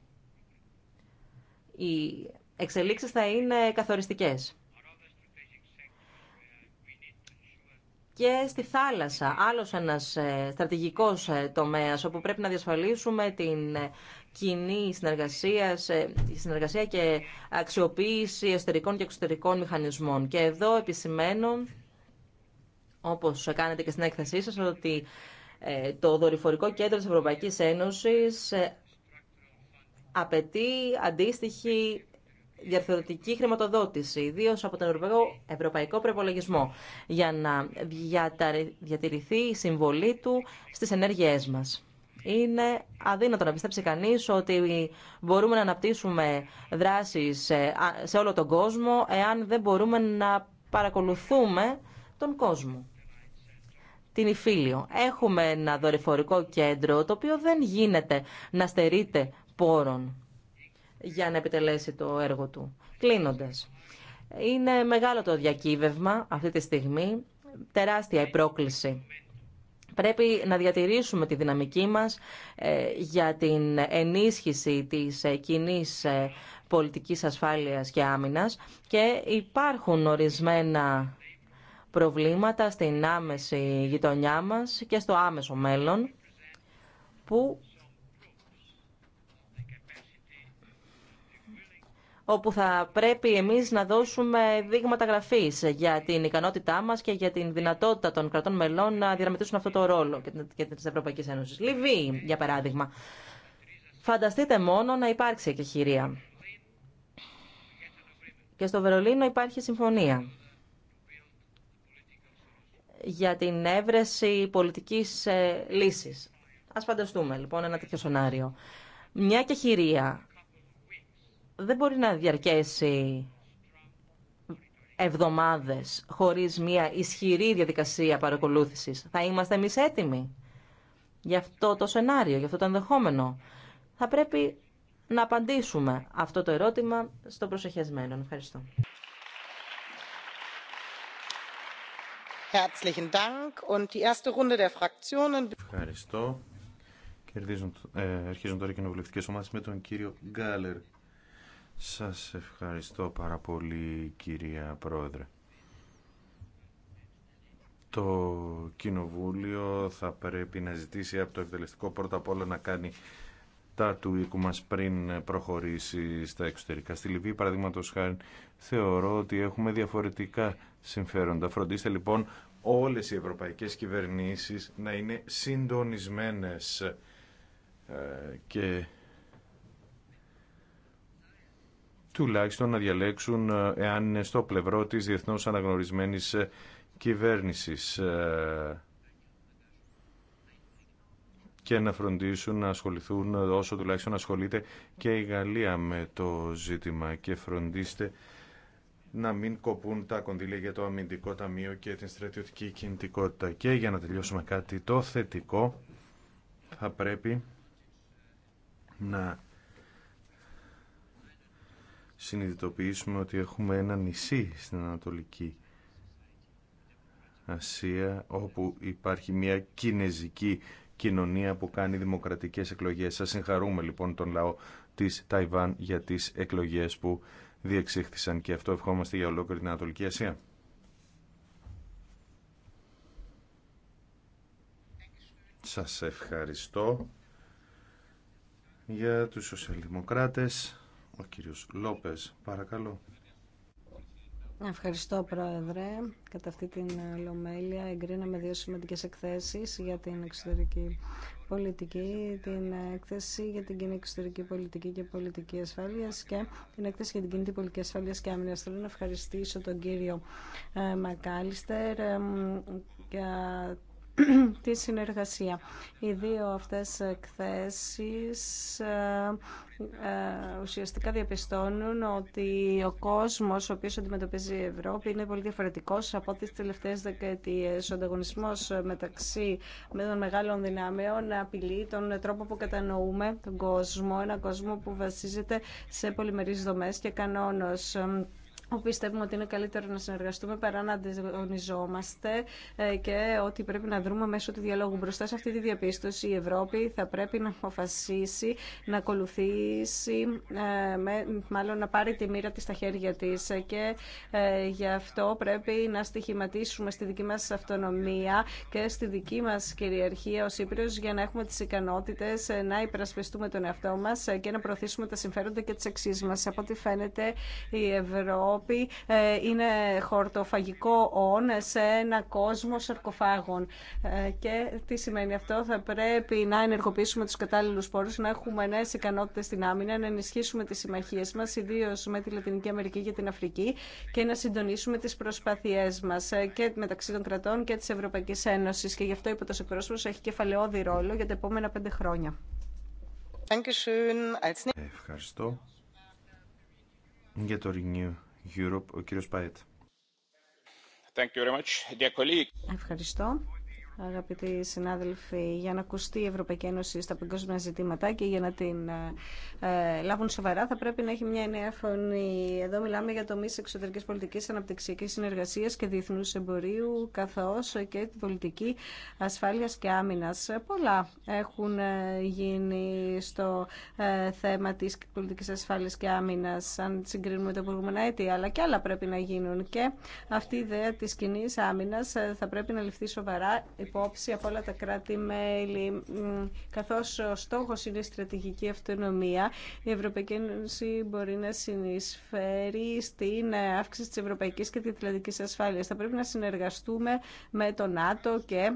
A: οι εξελίξεις θα είναι καθοριστικές. Και στη θάλασσα, άλλος ένας ε, στρατηγικός ε, τομέας όπου πρέπει να διασφαλίσουμε την ε, κοινή συνεργασία, συνεργασία και αξιοποίηση εσωτερικών και εξωτερικών μηχανισμών. Και εδώ επισημαίνω, όπως κάνετε και στην έκθεσή σας, ότι το δορυφορικό κέντρο της Ευρωπαϊκής Ένωσης απαιτεί αντίστοιχη διαρθρωτική χρηματοδότηση, ιδίω από τον Ευρωπαϊκό, Ευρωπαϊκό Προπολογισμό, για να διατηρηθεί η συμβολή του στις ενέργειές μας. Είναι αδύνατο να πιστέψει κανείς ότι μπορούμε να αναπτύσσουμε δράσεις σε όλο τον κόσμο εάν δεν μπορούμε να παρακολουθούμε τον κόσμο. Την Ιφίλιο. Έχουμε ένα δορυφορικό κέντρο το οποίο δεν γίνεται να στερείται πόρων για να επιτελέσει το έργο του. Κλείνοντας, είναι μεγάλο το διακύβευμα αυτή τη στιγμή, τεράστια η πρόκληση. Πρέπει να διατηρήσουμε τη δυναμική μας ε, για την ενίσχυση της ε, κοινή ε, πολιτικής ασφάλειας και άμυνας και υπάρχουν ορισμένα προβλήματα στην άμεση γειτονιά μας και στο άμεσο μέλλον που όπου θα πρέπει εμείς να δώσουμε δείγματα γραφής για την ικανότητά μας και για την δυνατότητα των κρατών μελών να διαμετρήσουν αυτό το ρόλο και της Ευρωπαϊκής Ένωσης. Λιβύη, για παράδειγμα. Φανταστείτε μόνο να υπάρξει εκεχηρία. Και στο Βερολίνο υπάρχει συμφωνία για την έβρεση πολιτικής ε, λύσης. Ας φανταστούμε λοιπόν ένα τέτοιο σονάριο. Μια κεχηρία δεν μπορεί να διαρκέσει εβδομάδες χωρίς μια ισχυρή διαδικασία παρακολούθησης. Θα είμαστε εμείς έτοιμοι για αυτό το σενάριο, για αυτό το ενδεχόμενο. Θα πρέπει να απαντήσουμε αυτό το ερώτημα στο προσεχεσμένο. Ευχαριστώ.
B: Ευχαριστώ. Κερδίζουν, ε, αρχίζουν τώρα οι κοινοβουλευτικέ ομάδε με τον κύριο Γκάλερ. Σας ευχαριστώ πάρα πολύ κυρία Πρόεδρε. Το Κοινοβούλιο θα πρέπει να ζητήσει από το εκτελεστικό πρώτα απ' όλα να κάνει τα του οίκου μας πριν προχωρήσει στα εξωτερικά. Στη Λιβύη, παραδείγματο χάρη, θεωρώ ότι έχουμε διαφορετικά συμφέροντα. Φροντίστε λοιπόν όλες οι ευρωπαϊκές κυβερνήσεις να είναι συντονισμένες ε, και τουλάχιστον να διαλέξουν ε, εάν είναι στο πλευρό της διεθνώς αναγνωρισμένης ε, κυβέρνησης ε, και να φροντίσουν να ασχοληθούν όσο τουλάχιστον ασχολείται και η Γαλλία με το ζήτημα και φροντίστε να μην κοπούν τα κονδύλια για το αμυντικό ταμείο και την στρατιωτική κινητικότητα. Και για να τελειώσουμε κάτι το θετικό, θα πρέπει να συνειδητοποιήσουμε ότι έχουμε ένα νησί στην Ανατολική Ασία όπου υπάρχει μια κινέζικη κοινωνία που κάνει δημοκρατικές εκλογές. Σας συγχαρούμε λοιπόν τον λαό της Ταϊβάν για τις εκλογές που διεξήχθησαν και αυτό ευχόμαστε για ολόκληρη την Ανατολική Ασία. Σας ευχαριστώ για τους σοσιαλδημοκράτες. Ο κύριος Λόπες, παρακαλώ.
C: Ευχαριστώ, Πρόεδρε. Κατά αυτή την ολομέλεια εγκρίναμε δύο σημαντικές εκθέσεις για την εξωτερική πολιτική, την έκθεση για την κοινή εξωτερική πολιτική και πολιτική ασφάλεια και την έκθεση για την κοινή πολιτική ασφάλεια και άμυνα. Θέλω να ευχαριστήσω τον κύριο ε, Μακάλιστερ για τη συνεργασία. Οι δύο αυτές εκθέσεις ε, ε, ουσιαστικά διαπιστώνουν ότι ο κόσμος ο οποίος αντιμετωπίζει η Ευρώπη είναι πολύ διαφορετικός από τις τελευταίες δεκαετίες. Ο ανταγωνισμός μεταξύ με των μεγάλων δυνάμεων απειλεί τον τρόπο που κατανοούμε τον κόσμο, ένα κόσμο που βασίζεται σε πολυμερείς δομές και κανόνες πιστεύουμε ότι είναι καλύτερο να συνεργαστούμε παρά να αντιγωνιζόμαστε ε, και ότι πρέπει να δρούμε μέσω του διαλόγου. Μπροστά σε αυτή τη διαπίστωση η Ευρώπη θα πρέπει να αποφασίσει να ακολουθήσει, ε, μάλλον να πάρει τη μοίρα της στα χέρια της και ε, γι' αυτό πρέπει να στοιχηματίσουμε στη δική μας αυτονομία και στη δική μας κυριαρχία ως Ήπριος για να έχουμε τις ικανότητες να υπερασπιστούμε τον εαυτό μας και να προωθήσουμε τα συμφέροντα και τις αξίες μας. Από ό,τι φαίνεται η Ευρώπη Ευρώπη ε, είναι χορτοφαγικό όν σε ένα κόσμο σαρκοφάγων. Ε, και τι σημαίνει αυτό, θα πρέπει να ενεργοποιήσουμε τους κατάλληλους πόρους, να έχουμε νέε ικανότητες στην άμυνα, να ενισχύσουμε τις συμμαχίες μας, ιδίω με τη Λατινική Αμερική και την Αφρική και να συντονίσουμε τις προσπάθειές μας ε, και μεταξύ των κρατών και της Ευρωπαϊκής Ένωσης. Και γι' αυτό είπε το εκπρόσωπος έχει κεφαλαιόδη ρόλο για τα επόμενα πέντε χρόνια.
B: Ευχαριστώ για το Renew Europe, ο κύριος Παέτ.
C: Ευχαριστώ αγαπητοί συνάδελφοι, για να ακουστεί η Ευρωπαϊκή Ένωση στα παγκόσμια ζητήματα και για να την ε, ε λάβουν σοβαρά, θα πρέπει να έχει μια νέα φωνή. Εδώ μιλάμε για τομεί εξωτερική πολιτική, αναπτυξιακή συνεργασία και διεθνού εμπορίου, καθώ και την πολιτική ασφάλεια και άμυνα. Πολλά έχουν ε, γίνει στο ε, θέμα τη πολιτική ασφάλεια και άμυνα, αν συγκρίνουμε τα προηγούμενα έτη, αλλά και άλλα πρέπει να γίνουν. Και αυτή η ιδέα τη κοινή άμυνα θα πρέπει να ληφθεί σοβαρά υπόψη από όλα τα κράτη-μέλη. Καθώς ο στόχος είναι η στρατηγική αυτονομία, η Ευρωπαϊκή Ένωση μπορεί να συνεισφέρει στην αύξηση της ευρωπαϊκής και της ασφάλειας. Θα πρέπει να συνεργαστούμε με το ΝΑΤΟ και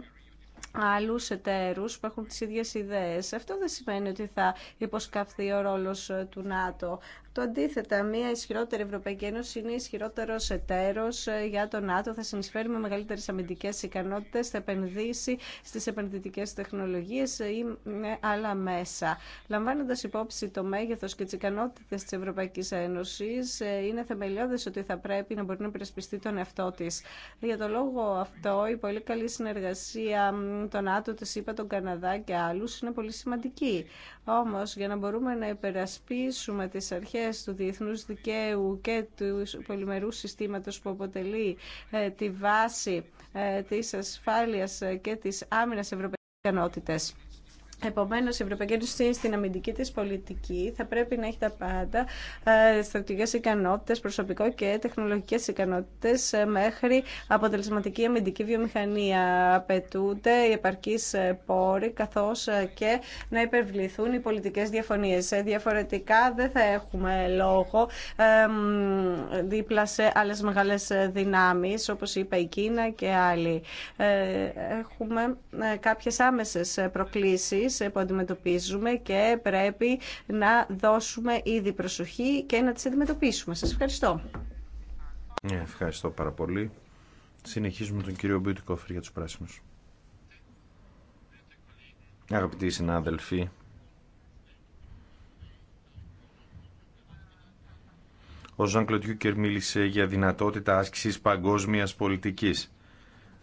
C: άλλους εταίρους που έχουν τις ίδιες ιδέες. Αυτό δεν σημαίνει ότι θα υποσκαφθεί ο ρόλος ε, του ΝΑΤΟ. Το αντίθετα, μια ισχυρότερη Ευρωπαϊκή Ένωση είναι ισχυρότερο εταίρο ε, για το ΝΑΤΟ, θα συνεισφέρει με μεγαλύτερε αμυντικέ ικανότητε, θα επενδύσει στι επενδυτικέ τεχνολογίε ή με άλλα μέσα. Λαμβάνοντα υπόψη το μέγεθο και τι ικανότητε τη Ευρωπαϊκή Ένωση, ε, είναι θεμελιώδε ότι θα πρέπει να μπορεί να υπερασπιστεί τον εαυτό τη. Για το λόγο αυτό, η πολύ καλή συνεργασία τον ΝΑΤΟ, τη ΣΥΠΑ, τον Καναδά και άλλους είναι πολύ σημαντική. Όμως για να μπορούμε να υπερασπίσουμε τις αρχές του διεθνούς δικαίου και του πολυμερού συστήματος που αποτελεί ε, τη βάση ε, της ασφάλειας και της άμυνας ευρωπαϊκής ικανότητες. Επομένως, η Ευρωπαϊκή Ένωση στην αμυντική της πολιτική θα πρέπει να έχει τα πάντα ε, στρατηγικές ικανότητες, προσωπικό και τεχνολογικές ικανότητες ε, μέχρι αποτελεσματική αμυντική βιομηχανία. Απαιτούνται οι επαρκείς ε, πόροι καθώς και να υπερβληθούν οι πολιτικές διαφωνίες. Διαφορετικά δεν θα έχουμε λόγο δίπλα σε άλλες μεγάλες δυνάμεις όπως είπα η Κίνα και άλλοι. Έχουμε κάποιες άμεσες προκλήσεις που αντιμετωπίζουμε και πρέπει να δώσουμε ήδη προσοχή και να τις αντιμετωπίσουμε. Σας ευχαριστώ.
B: Ναι, ευχαριστώ πάρα πολύ. Συνεχίζουμε τον κύριο Κόφερ για τους πράσινους. Αγαπητοί συνάδελφοι, ο Ζαν Κλωτιούκερ μίλησε για δυνατότητα άσκησης παγκόσμιας πολιτικής.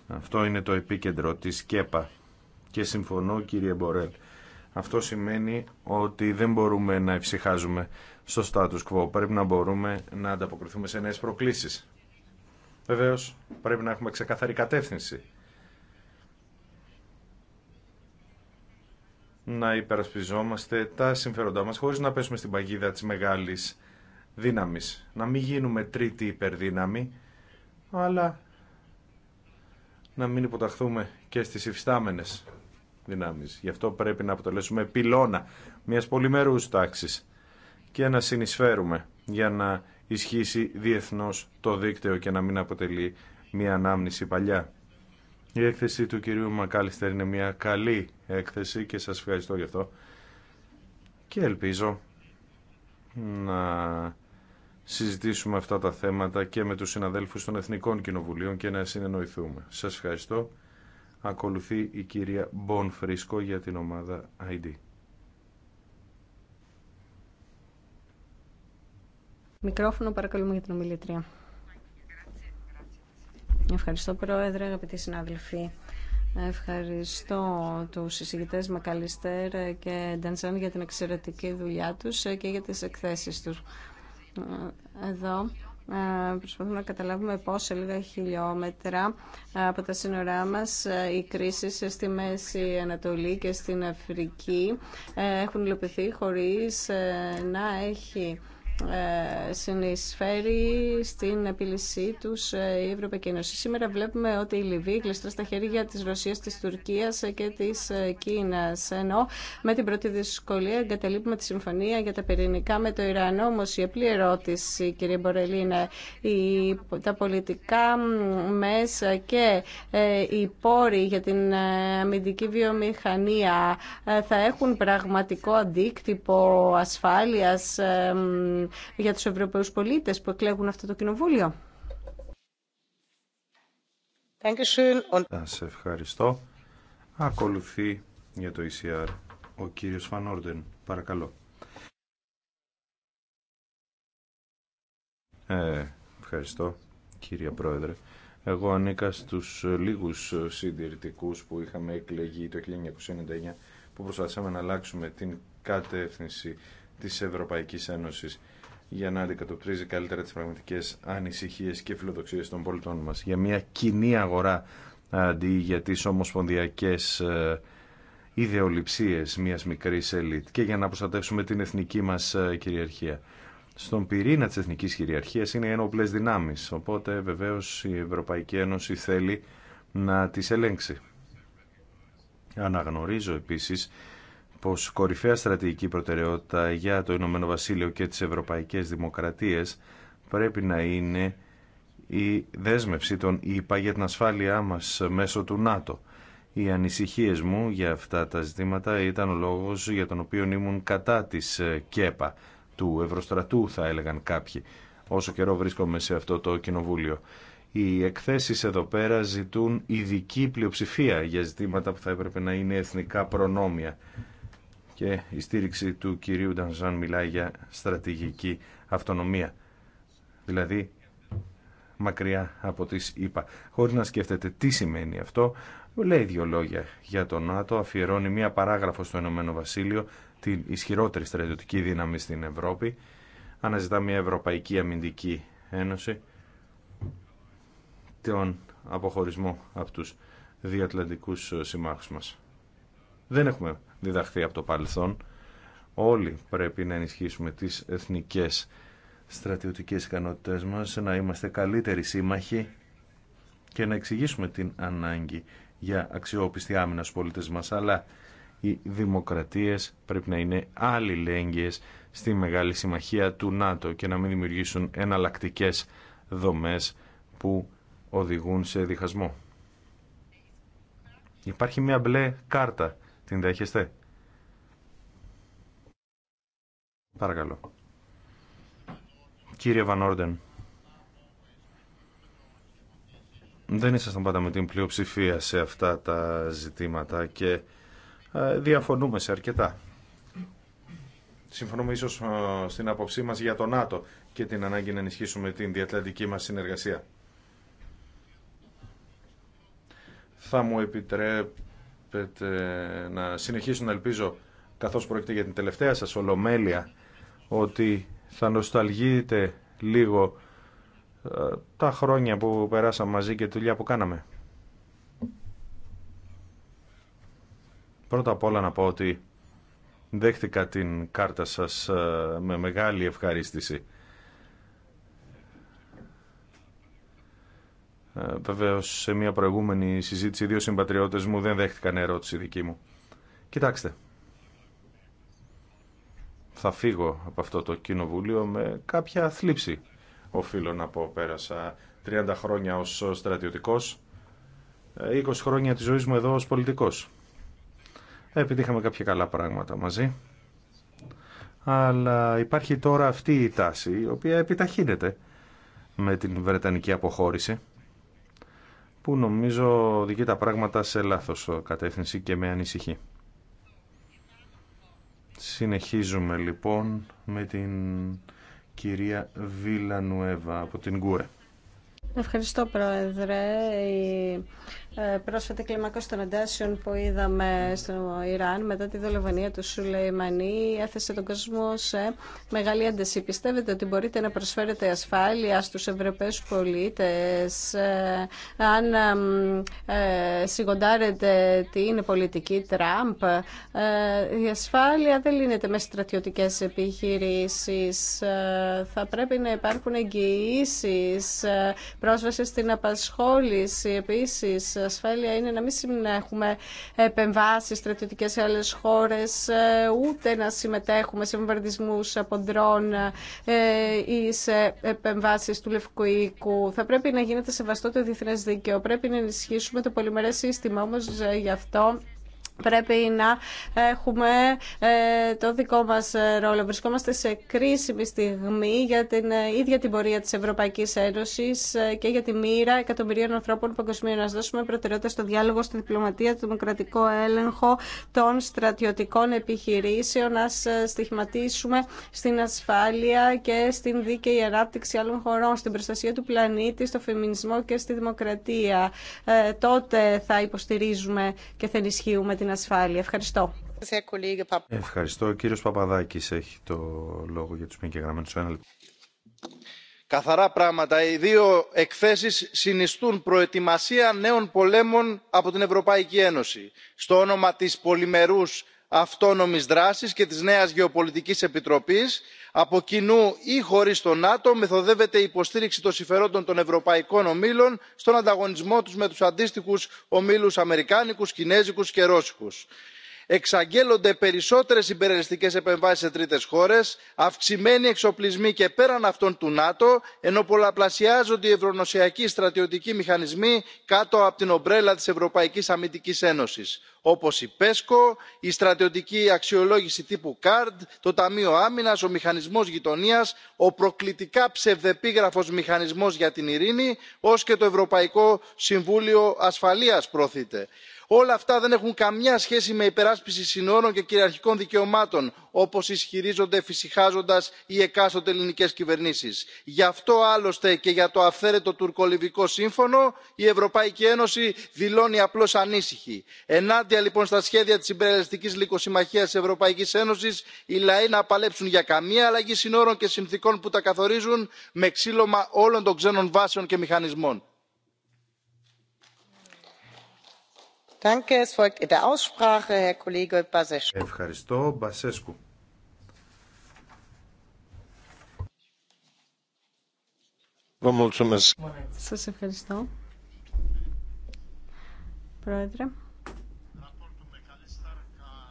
B: Αυτό είναι το επίκεντρο της ΚΕΠΑ. Και συμφωνώ κύριε Μπορέλ. Αυτό σημαίνει ότι δεν μπορούμε να εψυχάζουμε στο status quo. Πρέπει να μπορούμε να ανταποκριθούμε σε νέες προκλήσεις. Βεβαίως, πρέπει να έχουμε ξεκαθαρή κατεύθυνση. Να υπερασπιζόμαστε τα συμφέροντά μας χωρίς να πέσουμε στην παγίδα της μεγάλης δύναμης. Να μην γίνουμε τρίτη υπερδύναμη, αλλά να μην υποταχθούμε και στις υφιστάμενες Γι' αυτό πρέπει να αποτελέσουμε πυλώνα μιας πολυμερούς τάξης και να συνεισφέρουμε για να ισχύσει διεθνώς το δίκτυο και να μην αποτελεί μια ανάμνηση παλιά. Η έκθεση του κυρίου Μακάλιστερ είναι μια καλή έκθεση και σας ευχαριστώ γι' αυτό και ελπίζω να συζητήσουμε αυτά τα θέματα και με τους συναδέλφους των Εθνικών Κοινοβουλίων και να συνεννοηθούμε. Σας ευχαριστώ. Ακολουθεί η κυρία Μπον Φρίσκο για την ομάδα ID.
C: Μικρόφωνο παρακαλούμε για την ομιλήτρια. Ευχαριστώ Πρόεδρε, αγαπητοί συνάδελφοι. Ευχαριστώ τους συζητητές Μακαλιστέρ και Ντανσάν για την εξαιρετική δουλειά τους και για τις εκθέσεις τους. Εδώ προσπαθούμε να καταλάβουμε πόσα λίγα χιλιόμετρα από τα σύνορά μας οι κρίσεις στη Μέση Ανατολή και στην Αφρική ε, έχουν υλοποιηθεί χωρίς ε, να έχει ε, συνεισφέρει στην επίλυσή τους ε, η Ευρωπαϊκή Ένωση. Σήμερα βλέπουμε ότι η Λιβύη κλειστά στα χέρια της Ρωσία, της Τουρκία ε, και τη Κίνα Ενώ με την πρώτη δυσκολία εγκαταλείπουμε τη συμφωνία για τα πυρηνικά με το Ιράν. Όμω η απλή ερώτηση, κύριε Μπορελή, τα πολιτικά μέσα και οι πόροι για την αμυντική βιομηχανία θα έχουν πραγματικό αντίκτυπο ασφάλειας για τους Ευρωπαίους πολίτες που εκλέγουν αυτό το κοινοβούλιο.
B: Σας ευχαριστώ. Ακολουθεί για το ECR ο κύριος Φανόρντεν. Παρακαλώ. Ε, ευχαριστώ κύριε Πρόεδρε. Εγώ ανήκα στους λίγους συντηρητικούς που είχαμε εκλεγεί το 1999 που προσπαθήσαμε να αλλάξουμε την κατεύθυνση της Ευρωπαϊκής Ένωσης για να αντικατοπτρίζει καλύτερα τις πραγματικές ανησυχίες και φιλοδοξίες των πολιτών μας. Για μια κοινή αγορά αντί για τις ομοσπονδιακές ε, ιδεολειψίες μιας μικρής ελίτ και για να προστατεύσουμε την εθνική μας ε, κυριαρχία. Στον πυρήνα της εθνικής κυριαρχίας είναι οι ένοπλες δυνάμεις, οπότε βεβαίως η Ευρωπαϊκή Ένωση θέλει να τις ελέγξει. Αναγνωρίζω επίσης πως κορυφαία στρατηγική προτεραιότητα για το Ηνωμένο Βασίλειο και τις ευρωπαϊκές δημοκρατίες πρέπει να είναι η δέσμευση των ΙΠΑ για την ασφάλειά μας μέσω του ΝΑΤΟ. Οι ανησυχίες μου για αυτά τα ζητήματα ήταν ο λόγος για τον οποίο ήμουν κατά της ε, ΚΕΠΑ, του Ευρωστρατού θα έλεγαν κάποιοι, όσο καιρό βρίσκομαι σε αυτό το κοινοβούλιο. Οι εκθέσεις εδώ πέρα ζητούν ειδική πλειοψηφία για ζητήματα που θα έπρεπε να είναι εθνικά προνόμια και η στήριξη του κυρίου Ντανζάν μιλάει για στρατηγική αυτονομία. Δηλαδή μακριά από τις ΗΠΑ. Χωρίς να σκέφτεται τι σημαίνει αυτό, λέει δύο λόγια για το ΝΑΤΟ, αφιερώνει μία παράγραφο στο Ηνωμένο Βασίλειο, την ισχυρότερη στρατιωτική δύναμη στην Ευρώπη, αναζητά μία Ευρωπαϊκή Αμυντική Ένωση, τον αποχωρισμό από τους διατλαντικούς συμμάχους μας. Δεν έχουμε διδαχθεί από το παρελθόν. Όλοι πρέπει να ενισχύσουμε τις εθνικές στρατιωτικές ικανότητες μας, να είμαστε καλύτεροι σύμμαχοι και να εξηγήσουμε την ανάγκη για αξιόπιστη άμυνα στους πολίτες μας, αλλά οι δημοκρατίες πρέπει να είναι αλληλέγγυες στη μεγάλη συμμαχία του ΝΑΤΟ και να μην δημιουργήσουν εναλλακτικέ δομές που οδηγούν σε διχασμό. Υπάρχει μια μπλε κάρτα την δέχεστε. Παρακαλώ. Κύριε Βανόρντεν, δεν ήσασταν πάντα με την πλειοψηφία σε αυτά τα ζητήματα και ε, διαφωνούμε σε αρκετά. Συμφωνούμε ίσως ε, στην άποψή μας για το ΝΑΤΟ και την ανάγκη να ενισχύσουμε την διατλαντική μας συνεργασία. Θα μου επιτρέπετε να συνεχίσω να ελπίζω καθώς πρόκειται για την τελευταία σας ολομέλεια ότι θα νοσταλγείτε λίγο ε, τα χρόνια που περάσαμε μαζί και τη δουλειά που κάναμε. Πρώτα απ' όλα να πω ότι δέχτηκα την κάρτα σας ε, με μεγάλη ευχαρίστηση Ε, Βεβαίω σε μια προηγούμενη συζήτηση δύο συμπατριώτες μου δεν δέχτηκαν ερώτηση δική μου. Κοιτάξτε, θα φύγω από αυτό το κοινοβούλιο με κάποια θλίψη. Οφείλω να πω, πέρασα 30 χρόνια ως στρατιωτικός, 20 ε, χρόνια τη ζωή μου εδώ ως πολιτικός. Επιτύχαμε κάποια καλά πράγματα μαζί. Αλλά υπάρχει τώρα αυτή η τάση, η οποία επιταχύνεται με την Βρετανική αποχώρηση που νομίζω οδηγεί τα πράγματα σε λάθος κατεύθυνση και με ανησυχεί. Συνεχίζουμε λοιπόν με την κυρία Βίλα Νουέβα από την ΚΟΕ.
C: Ευχαριστώ Πρόεδρε. Ε, Πρόσφατα κλιμακώση των εντάσεων που είδαμε στο Ιράν μετά τη δολοφονία του Σουλεϊμανί έθεσε τον κόσμο σε μεγάλη ένταση. Πιστεύετε ότι μπορείτε να προσφέρετε ασφάλεια στους Ευρωπαίους πολίτες ε, αν τι είναι πολιτική Τραμπ. Ε, η ασφάλεια δεν λύνεται με στρατιωτικές επιχειρήσεις. θα πρέπει να υπάρχουν εγγυήσεις, πρόσβαση στην απασχόληση επίσης ασφάλεια είναι να μην έχουμε επεμβάσεις στρατιωτικές σε άλλε χώρες, ε, ούτε να συμμετέχουμε σε βομβαρδισμούς από ντρόν ε, ή σε επεμβάσεις του Λευκού Οίκου. Θα πρέπει να γίνεται σεβαστό το διεθνέ δίκαιο. Πρέπει να ενισχύσουμε το πολυμερές σύστημα, όμως ε, γι' αυτό Πρέπει να έχουμε ε, το δικό μας ε, ρόλο. Βρισκόμαστε σε κρίσιμη στιγμή για την ε, ίδια την πορεία της Ευρωπαϊκής Ένωσης και για τη μοίρα εκατομμυρίων ανθρώπων παγκοσμίων. Να δώσουμε προτεραιότητα στο διάλογο, στη διπλωματία, το δημοκρατικό έλεγχο των στρατιωτικών επιχειρήσεων, να στοιχηματίσουμε στην ασφάλεια και στην δίκαιη ανάπτυξη άλλων χωρών, στην προστασία του πλανήτη, στο φεμινισμό και στη δημοκρατία. τότε θα υποστηρίζουμε και θα ενισχύουμε την την ασφάλεια. Ευχαριστώ.
B: Ευχαριστώ. Ο κύριος Παπαδάκης έχει το λόγο για τους μη
D: Καθαρά πράγματα. Οι δύο εκθέσεις συνιστούν προετοιμασία νέων πολέμων από την Ευρωπαϊκή Ένωση στο όνομα της πολυμερούς αυτόνομης δράσης και της νέας γεωπολιτικής επιτροπής από κοινού ή χωρίς το νατο μεθοδεύεται η υποστήριξη των συμφερόντων των ευρωπαϊκών ομίλων στον ανταγωνισμό τους με τους αντίστοιχους ομίλους αμερικάνικους κινέζικους και ρώσικους. εξαγγέλλονται περισσότερες υπερελιστικές επεμβάσεις σε τρίτες χώρες αυξημένοι εξοπλισμοί και πέραν αυτών του νατο ενώ πολλαπλασιάζονται οι ευρωνοσιακοί στρατιωτικοί μηχανισμοί κάτω από την ομπρέλα της ευρωπαϊκής αμυντικής ένωσης όπως η ΠΕΣΚΟ, η στρατιωτική αξιολόγηση τύπου card το ταμείο άμυνας ο μηχανισμός γειτονίας ο προκλητικά ψευδεπίγραφος μηχανισμός για την ειρήνη ως και το ευρωπαϊκό συμβούλιο ασφαλείας προωθείται. όλα αυτά δεν έχουν καμιά σχέση με υπεράσπιση συνόρων και κυριαρχικών δικαιωμάτων όπως ισχυρίζονται φυσικάζοντας οι εκάστοτε ελληνικές κυβερνήσεις. γι' αυτό άλλωστε και για το αυθαίρετο τουρκολιβικό σύμφωνο η ευρωπαϊκή ένωση δηλώνει απλώς ανήσυχη ενάντια λοιπόν στα σχέδια της συμπεριλαστική λυκοσυμμαχία της ευρωπαϊκής ένωσης οι λαοί να απαλέψουν για καμία αλλαγή συνόρων και συνθήκων που τα καθορίζουν με ξύλωμα όλων των ξένων βάσεων και μηχανισμών.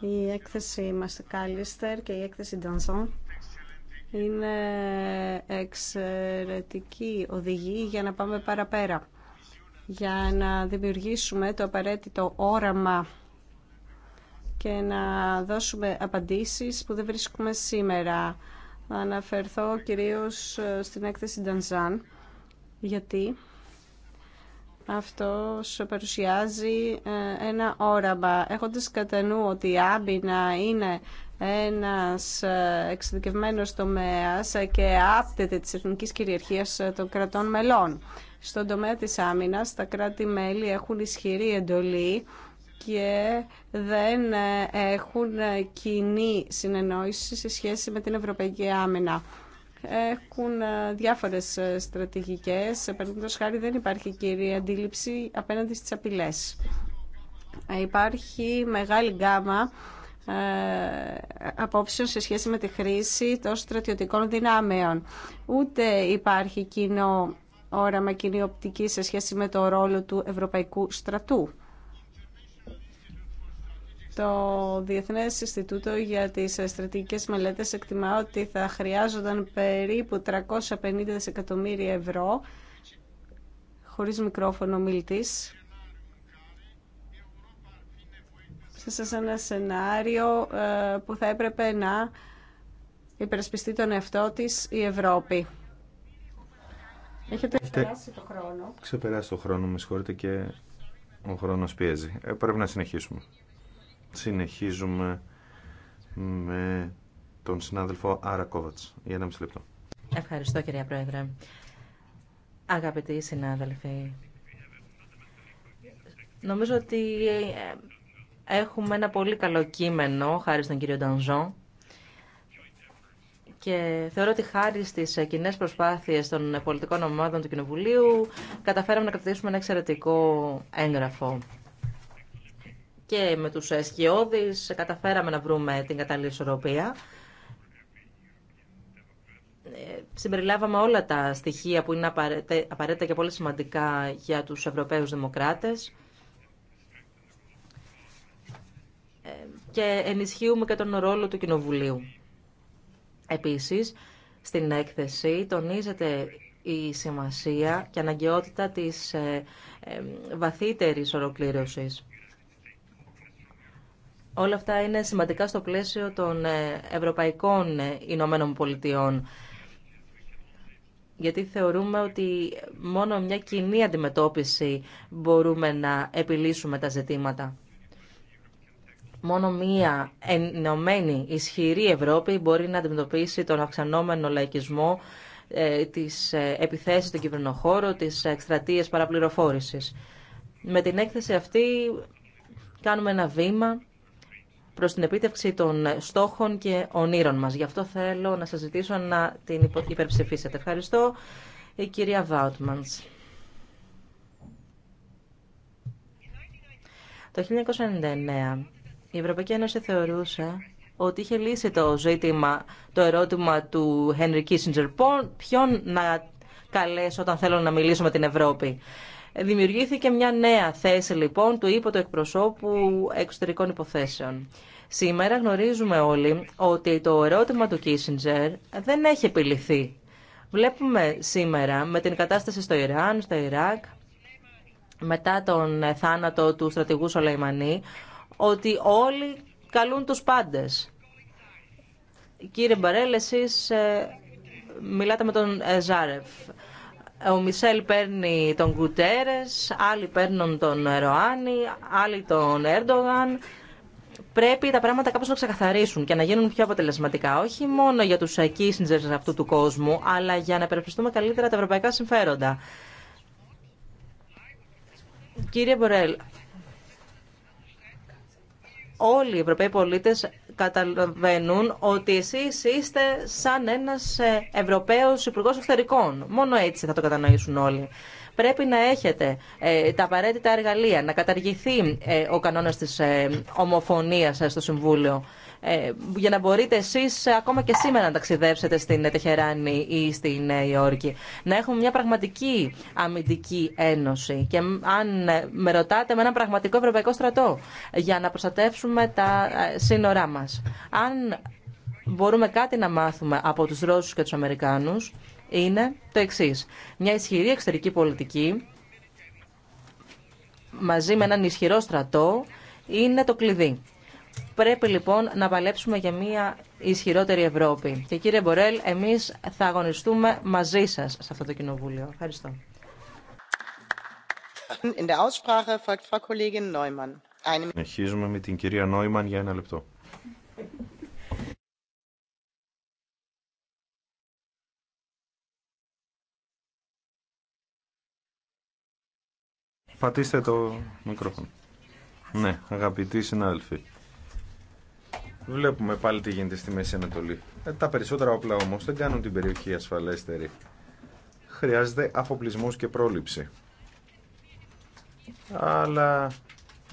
C: Η έκθεση Κάλιστερ και η έκθεση Ντανζάν, είναι εξαιρετική οδηγή για να πάμε παραπέρα, για να δημιουργήσουμε το απαραίτητο όραμα και να δώσουμε απαντήσεις που δεν βρίσκουμε σήμερα. Θα αναφερθώ κυρίως στην έκθεση Ντανζάν, γιατί αυτό παρουσιάζει ε, ένα όραμα, έχοντας κατά νου ότι η άμυνα είναι ένας ε, εξειδικευμένος τομέας και άπτεται της εθνικής κυριαρχίας των κρατών μελών. Στον τομέα της άμυνας, τα κράτη-μέλη έχουν ισχυρή εντολή και δεν ε, έχουν κοινή συνεννόηση σε σχέση με την Ευρωπαϊκή Άμυνα έχουν ε, διάφορες ε, στρατηγικές. Παραδείγματος χάρη δεν υπάρχει κυρία αντίληψη απέναντι στις απειλές. Ε, υπάρχει μεγάλη γκάμα απόψεων σε σχέση με τη χρήση των στρατιωτικών δυνάμεων. Ούτε υπάρχει κοινό όραμα, κοινή οπτική σε σχέση με το ρόλο του Ευρωπαϊκού στρατού. Το Διεθνές Ινστιτούτο για τις Στρατηγικές Μελέτες εκτιμά ότι θα χρειάζονταν περίπου 350 δισεκατομμύρια ευρώ χωρίς μικρόφωνο μιλτής σε ένα σενάριο ε, που θα έπρεπε να υπερασπιστεί τον εαυτό της η Ευρώπη. Έχετε ξεπεράσει το χρόνο.
B: Ξεπεράσει το χρόνο, με συγχωρείτε και ο χρόνος πιέζει. Ε, πρέπει να συνεχίσουμε. Συνεχίζουμε με τον συνάδελφο Άρα Κόβατς. Για ένα μισή λεπτό.
A: Ευχαριστώ κυρία Πρόεδρε. Αγαπητοί συνάδελφοι, νομίζω ότι ε, έχουμε ένα πολύ καλό κείμενο, χάρη στον κύριο Ντανζόν, και θεωρώ ότι χάρη στι κοινέ προσπάθειε των πολιτικών ομάδων του Κοινοβουλίου, καταφέραμε να κρατήσουμε ένα εξαιρετικό έγγραφο και με τους σκιώδεις καταφέραμε να βρούμε την κατάλληλη ισορροπία. Ε, συμπεριλάβαμε όλα τα στοιχεία που είναι απαραίτητα και πολύ σημαντικά για τους Ευρωπαίους Δημοκράτες ε, και ενισχύουμε και τον ρόλο του Κοινοβουλίου. Επίσης, στην έκθεση τονίζεται η σημασία και αναγκαιότητα της ε, βαθύτερης ολοκλήρωσης Όλα αυτά είναι σημαντικά στο πλαίσιο των ε, Ευρωπαϊκών ε, Ηνωμένων Πολιτειών. Γιατί θεωρούμε ότι μόνο μια κοινή αντιμετώπιση μπορούμε να επιλύσουμε τα ζητήματα. Μόνο μία ενωμένη ισχυρή Ευρώπη μπορεί να αντιμετωπίσει τον αυξανόμενο λαϊκισμό, ε, της επιθέσεις στον κυβερνοχώρο, της εκστρατείες παραπληροφόρησης. Με την έκθεση αυτή κάνουμε ένα βήμα προς την επίτευξη των στόχων και ονείρων μας. Γι' αυτό θέλω να σας ζητήσω να την υπερψηφίσετε. Ευχαριστώ. Η κυρία Βάουτμανς. Το 1999 η Ευρωπαϊκή Ένωση θεωρούσε ότι είχε λύσει το ζήτημα, το ερώτημα του Henry Kissinger. Ποιον να καλέσω όταν θέλω να μιλήσω με την Ευρώπη. Δημιουργήθηκε μια νέα θέση λοιπόν του ύποτου εκπροσώπου εξωτερικών υποθέσεων. Σήμερα γνωρίζουμε όλοι ότι το ερώτημα του Κίσιντζερ δεν έχει επιληθεί. Βλέπουμε σήμερα με την κατάσταση στο Ιράν, στο Ιράκ, μετά τον θάνατο του στρατηγού Σολαϊμανή, ότι όλοι καλούν τους πάντες. Κύριε Μπαρέλ, εσείς ε, μιλάτε με τον ε, Ζάρεφ. Ο Μισελ παίρνει τον κουτέρε, άλλοι παίρνουν τον Ροάνι, άλλοι τον Έρντογαν. Πρέπει τα πράγματα κάπως να ξεκαθαρίσουν και να γίνουν πιο αποτελεσματικά, όχι μόνο για τους κίσιντζερ αυτού του κόσμου, αλλά για να υπερασπιστούμε καλύτερα τα ευρωπαϊκά συμφέροντα. Κύριε Μπορέλ, όλοι οι Ευρωπαίοι πολίτες καταλαβαίνουν ότι εσείς είστε σαν ένας ε, Ευρωπαίος Υπουργό Εξωτερικών. Μόνο έτσι θα το κατανοήσουν όλοι. Πρέπει να έχετε ε, τα απαραίτητα εργαλεία, να καταργηθεί ε, ο κανόνας της ε, ομοφωνίας στο Συμβούλιο. Ε, για να μπορείτε εσεί ε, ακόμα και σήμερα να ταξιδέψετε στην ε, Τεχεράνη ή στην Νέα Υόρκη. Να έχουμε μια πραγματική αμυντική ένωση και αν με ρωτάτε με έναν πραγματικό ευρωπαϊκό στρατό για να προστατεύσουμε τα σύνορά μας. Αν μπορούμε κάτι να μάθουμε από τους Ρώσους και τους Αμερικάνους είναι το εξή. Μια ισχυρή εξωτερική πολιτική μαζί με έναν ισχυρό στρατό είναι το κλειδί. Πρέπει λοιπόν να παλέψουμε για μια ισχυρότερη Ευρώπη. Και κύριε Μπορέλ, εμείς θα αγωνιστούμε μαζί σας σε αυτό το κοινοβούλιο. Ευχαριστώ.
B: Συνεχίζουμε με την κυρία Νόημαν για ένα λεπτό. Πατήστε το μικρόφωνο. Ναι, αγαπητοί συνάδελφοι. Βλέπουμε πάλι τι γίνεται στη Μέση Ανατολή. Ε, τα περισσότερα όπλα όμως δεν κάνουν την περιοχή ασφαλέστερη. Χρειάζεται αφοπλισμός και πρόληψη. Αλλά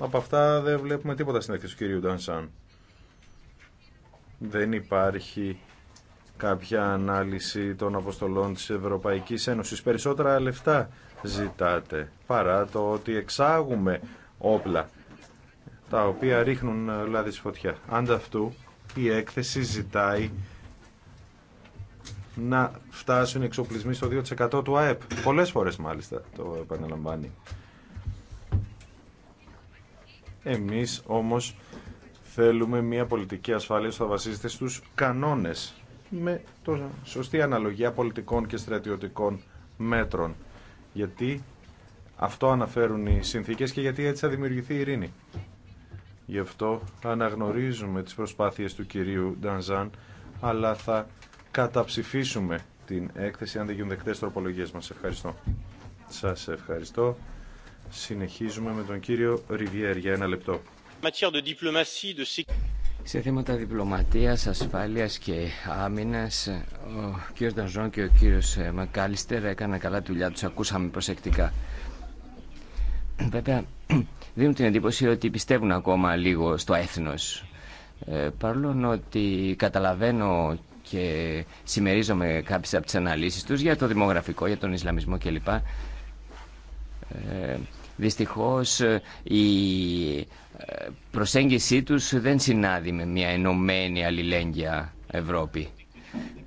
B: από αυτά δεν βλέπουμε τίποτα στην έκθεση του κυρίου Ντανσάν. Δεν υπάρχει κάποια ανάλυση των αποστολών της Ευρωπαϊκής Ένωσης. Περισσότερα λεφτά ζητάτε παρά το ότι εξάγουμε όπλα τα οποία ρίχνουν ε, λάδι στη φωτιά. Ανταυτού η έκθεση ζητάει να φτάσουν οι εξοπλισμοί στο 2% του ΑΕΠ. Πολλές φορές μάλιστα το επαναλαμβάνει. Εμείς όμως θέλουμε μια πολιτική ασφάλεια που θα βασίζεται στους κανόνες με το σωστή αναλογία πολιτικών και στρατιωτικών μέτρων. Γιατί αυτό αναφέρουν οι συνθήκες και γιατί έτσι θα δημιουργηθεί η ειρήνη. Γι' αυτό αναγνωρίζουμε τις προσπάθειες του κυρίου Ντανζάν, αλλά θα καταψηφίσουμε την έκθεση αν δεν γίνουν δεκτές τροπολογίες μας. Ευχαριστώ. Σας ευχαριστώ. Συνεχίζουμε με τον κύριο Ριβιέρ για ένα λεπτό.
E: Σε θέματα διπλωματίας, ασφάλειας και άμυνας, ο κύριος Νταζόν και ο κύριος ε, Μακάλιστερ έκαναν καλά δουλειά, τους ακούσαμε προσεκτικά. Βέβαια, δίνουν την εντύπωση ότι πιστεύουν ακόμα λίγο στο έθνος. Ε, παρόλο ότι καταλαβαίνω και συμμερίζομαι κάποιες από τις αναλύσεις τους για το δημογραφικό, για τον Ισλαμισμό κλπ. Ε, δυστυχώς ε, η ε, προσέγγιση τους δεν συνάδει με μια ενωμένη αλληλέγγυα Ευρώπη.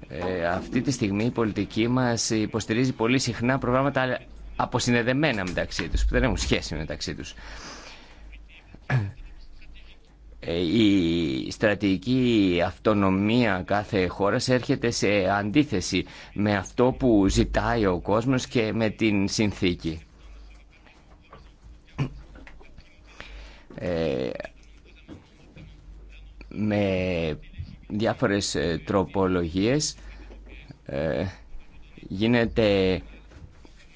E: Ε, αυτή τη στιγμή η πολιτική μας υποστηρίζει πολύ συχνά προγράμματα αποσυνδεδεμένα μεταξύ τους, που δεν έχουν σχέση μεταξύ τους. Ε, η στρατηγική αυτονομία κάθε χώρας έρχεται σε αντίθεση με αυτό που ζητάει ο κόσμος και με την συνθήκη. Ε, με διάφορες ε, τροπολογίες γίνεται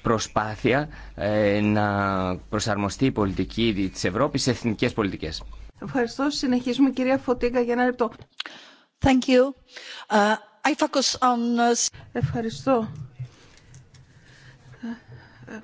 E: προσπάθεια ε, να προσαρμοστεί η πολιτική της Ευρώπης σε εθνικές πολιτικές.
F: Ευχαριστώ. Συνεχίζουμε κυρία Φωτίγκα για ένα λεπτό. Thank you. Uh, I focus on... Uh, Ευχαριστώ. Ε, ε,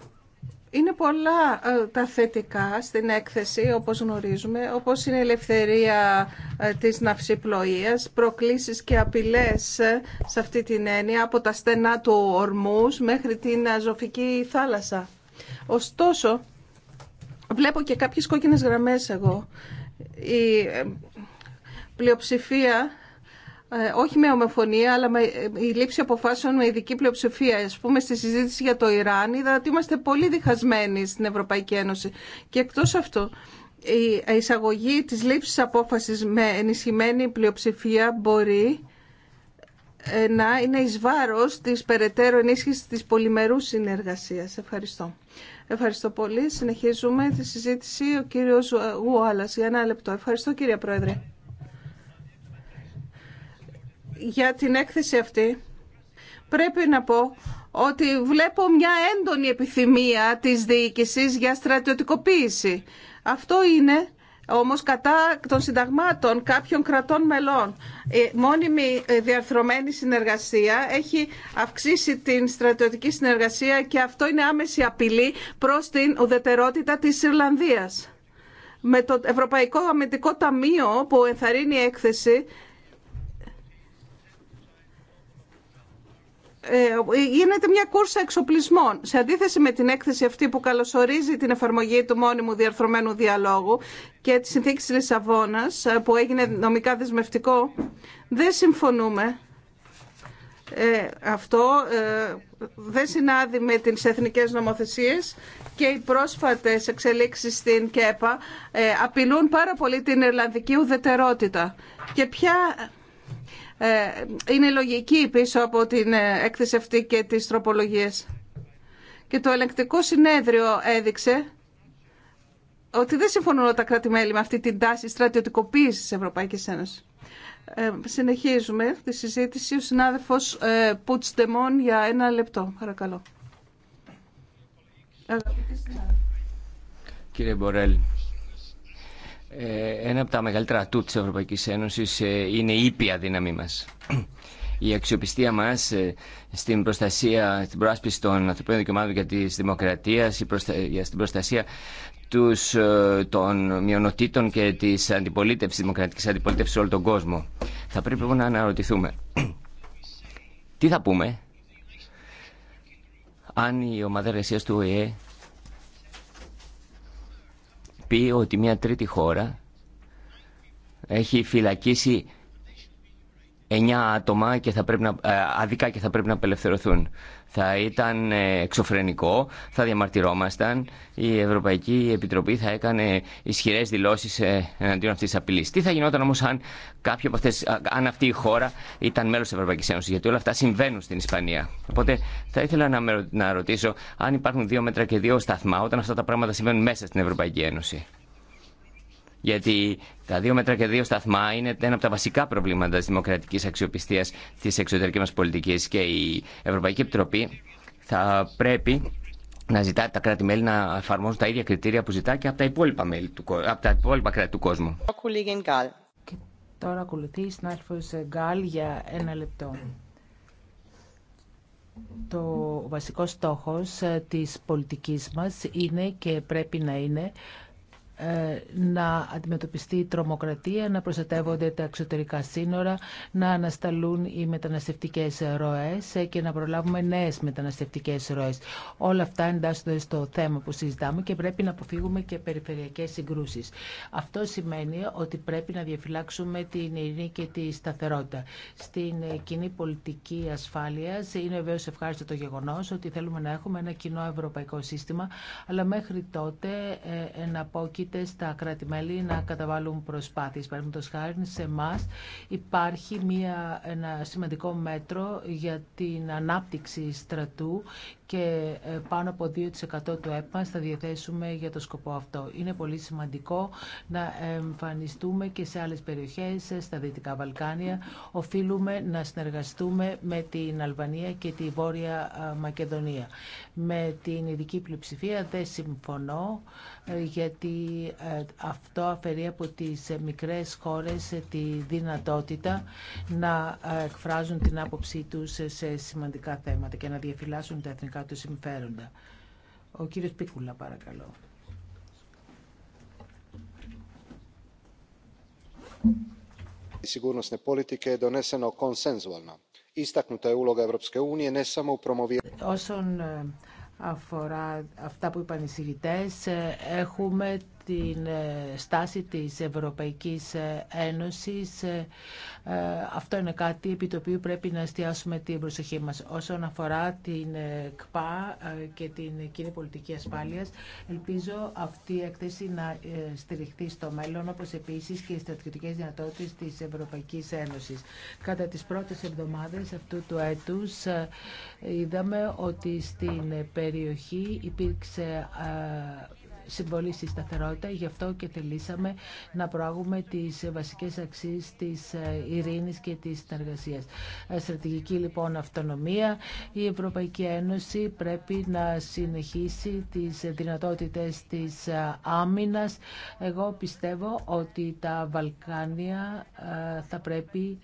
F: είναι πολλά ε, τα θετικά στην έκθεση, όπως γνωρίζουμε, όπως είναι η ελευθερία ε, της ναυσιπλοείας, προκλήσεις και απειλές ε, σε αυτή την έννοια, από τα στενά του ορμούς μέχρι την Αζωφική θάλασσα. Ωστόσο, βλέπω και κάποιες κόκκινες γραμμές εγώ. Η πλειοψηφία ε, όχι με ομοφωνία, αλλά με η λήψη αποφάσεων με ειδική πλειοψηφία. Α πούμε, στη συζήτηση για το Ιράν είδα ότι είμαστε πολύ διχασμένοι στην Ευρωπαϊκή Ένωση. Και εκτό αυτού, η εισαγωγή της λήψης απόφασης με ενισχυμένη πλειοψηφία μπορεί ε, να είναι εις βάρος της περαιτέρω ενίσχυσης της πολυμερούς συνεργασίας. Ευχαριστώ. Ευχαριστώ πολύ. Συνεχίζουμε τη συζήτηση. Ο κύριος Γουάλλας για ένα λεπτό. Ευχαριστώ κύριε Πρόεδρε για την έκθεση αυτή πρέπει να πω ότι βλέπω μια έντονη επιθυμία της διοίκησης για στρατιωτικοποίηση. Αυτό είναι όμως κατά των συνταγμάτων κάποιων κρατών μελών. Η μόνιμη διαρθρωμένη συνεργασία έχει αυξήσει την στρατιωτική συνεργασία και αυτό είναι άμεση απειλή προς την ουδετερότητα της Ιρλανδίας. Με το Ευρωπαϊκό Αμυντικό Ταμείο που ενθαρρύνει η έκθεση Ε, γίνεται μια κούρσα εξοπλισμών. Σε αντίθεση με την έκθεση αυτή που καλωσορίζει την εφαρμογή του μόνιμου διαρθρωμένου διαλόγου και τη συνθήκη τη Λισαβόνα ε, που έγινε νομικά δεσμευτικό, δεν συμφωνούμε. Ε, αυτό ε, δεν συνάδει με τις εθνικές νομοθεσίες και οι πρόσφατες εξελίξεις στην ΚΕΠΑ απειλούν πάρα πολύ την Ιρλανδική ουδετερότητα. Και ποια ε, είναι λογική πίσω από την ε, έκθεση αυτή και τις τροπολογίες. Και το ελεγκτικό συνέδριο έδειξε ότι δεν συμφωνούν τα κράτη-μέλη με αυτή την τάση στρατιωτικοποίηση της Ευρωπαϊκής Ένωσης. Ε, συνεχίζουμε τη συζήτηση. Ο συνάδελφος ε, Ντεμόν για ένα λεπτό. Παρακαλώ.
E: Κύριε Μπορέλ, ε, ένα από τα μεγαλύτερα ατού της Ευρωπαϊκής Ένωσης ε, είναι η ήπια δύναμή μας. Η αξιοπιστία μας ε, στην προστασία, στην προάσπιση των ανθρωπίνων δικαιωμάτων και δημοκρατία, για στην προστασία τους, των μειονοτήτων και της αντιπολίτευσης, δημοκρατικής αντιπολίτευσης σε όλο τον κόσμο. Θα πρέπει λοιπόν να αναρωτηθούμε. (clears throat) Τι θα πούμε αν η ομάδα εργασία του ΟΕΕ πει ότι μια τρίτη χώρα έχει φυλακίσει εννιά άτομα και θα πρέπει να, αδικά ε, και θα πρέπει να απελευθερωθούν. Θα ήταν ε, εξωφρενικό, θα διαμαρτυρόμασταν, η Ευρωπαϊκή Επιτροπή θα έκανε ισχυρέ δηλώσει ε, εναντίον αυτή τη απειλή. Τι θα γινόταν όμω αν, από αυτές, αν αυτή η χώρα ήταν μέλο τη Ευρωπαϊκή Ένωση, γιατί όλα αυτά συμβαίνουν στην Ισπανία. Οπότε θα ήθελα να, να ρωτήσω αν υπάρχουν δύο μέτρα και δύο σταθμά όταν αυτά τα πράγματα συμβαίνουν μέσα στην Ευρωπαϊκή Ένωση. Γιατί τα δύο μέτρα και δύο σταθμά είναι ένα από τα βασικά προβλήματα της δημοκρατικής αξιοπιστίας της εξωτερικής μας πολιτικής και η Ευρωπαϊκή Επιτροπή θα πρέπει να ζητά τα κράτη-μέλη να εφαρμόζουν τα ίδια κριτήρια που ζητά και από τα υπόλοιπα, μέλη του, υπόλοιπα κράτη του κόσμου.
G: Και τώρα ακολουθεί η Γκάλ για ένα λεπτό. Το βασικό στόχος ε, της πολιτικής μας είναι και πρέπει να είναι ε, να αντιμετωπιστεί η τρομοκρατία, να προστατεύονται τα εξωτερικά σύνορα, να ανασταλούν οι μεταναστευτικές ροές ε, και να προλάβουμε νέες μεταναστευτικές ροές. Όλα αυτά εντάσσονται στο θέμα που συζητάμε και πρέπει να αποφύγουμε και περιφερειακές συγκρούσεις. Αυτό σημαίνει ότι πρέπει να διαφυλάξουμε την ειρήνη και τη σταθερότητα. Στην κοινή πολιτική ασφάλειας είναι βεβαίω ευχάριστο το γεγονός ότι θέλουμε να έχουμε ένα κοινό ευρωπαϊκό σύστημα, αλλά μέχρι τότε ε, είτε στα κράτη-μέλη να καταβάλουν προσπάθειες. Παραδείγματο χάρη σε εμά υπάρχει μια, ένα σημαντικό μέτρο για την ανάπτυξη στρατού και ε, πάνω από 2% του ΕΠΑ θα διαθέσουμε για το σκοπό αυτό. Είναι πολύ σημαντικό να εμφανιστούμε και σε άλλες περιοχές, ε, στα Δυτικά Βαλκάνια. Οφείλουμε να συνεργαστούμε με την Αλβανία και τη Βόρεια ε, Μακεδονία. Με την ειδική πλειοψηφία δεν συμφωνώ γιατί αυτό αφαιρεί από τις μικρές χώρες τη δυνατότητα να εκφράζουν την άποψή τους σε σημαντικά θέματα και να διαφυλάσσουν τα εθνικά οικονομικά του συμφέροντα. Ο κύριος Πίκουλα, παρακαλώ.
D: sigurnosne politike je doneseno konsenzualno. Istaknuta je uloga Evropske unije ne samo u
G: promoviranju aφορά αυτά που είπαν οι συγητές, έχουμε την ε, στάση της Ευρωπαϊκής ε, Ένωσης. Ε, αυτό είναι κάτι επί το οποίο πρέπει να εστιάσουμε την προσοχή μας. Όσον αφορά την ΚΠΑ και την κοινή πολιτική ασφάλειας, ελπίζω αυτή η έκθεση να στηριχθεί στο μέλλον, όπως επίσης και οι στρατιωτικές δυνατότητες της Ευρωπαϊκής Ένωσης. Κατά τις πρώτες εβδομάδες αυτού του έτους είδαμε ότι στην περιοχή υπήρξε συμβολή στη σταθερότητα. Γι' αυτό και θελήσαμε να προάγουμε τις βασικές αξίες της ε, Ειρηνή και της συνεργασία. Ε, στρατηγική λοιπόν αυτονομία. Η Ευρωπαϊκή Ένωση πρέπει να συνεχίσει τις δυνατότητες της ε, άμυνας. Εγώ πιστεύω ότι τα Βαλκάνια θα πρέπει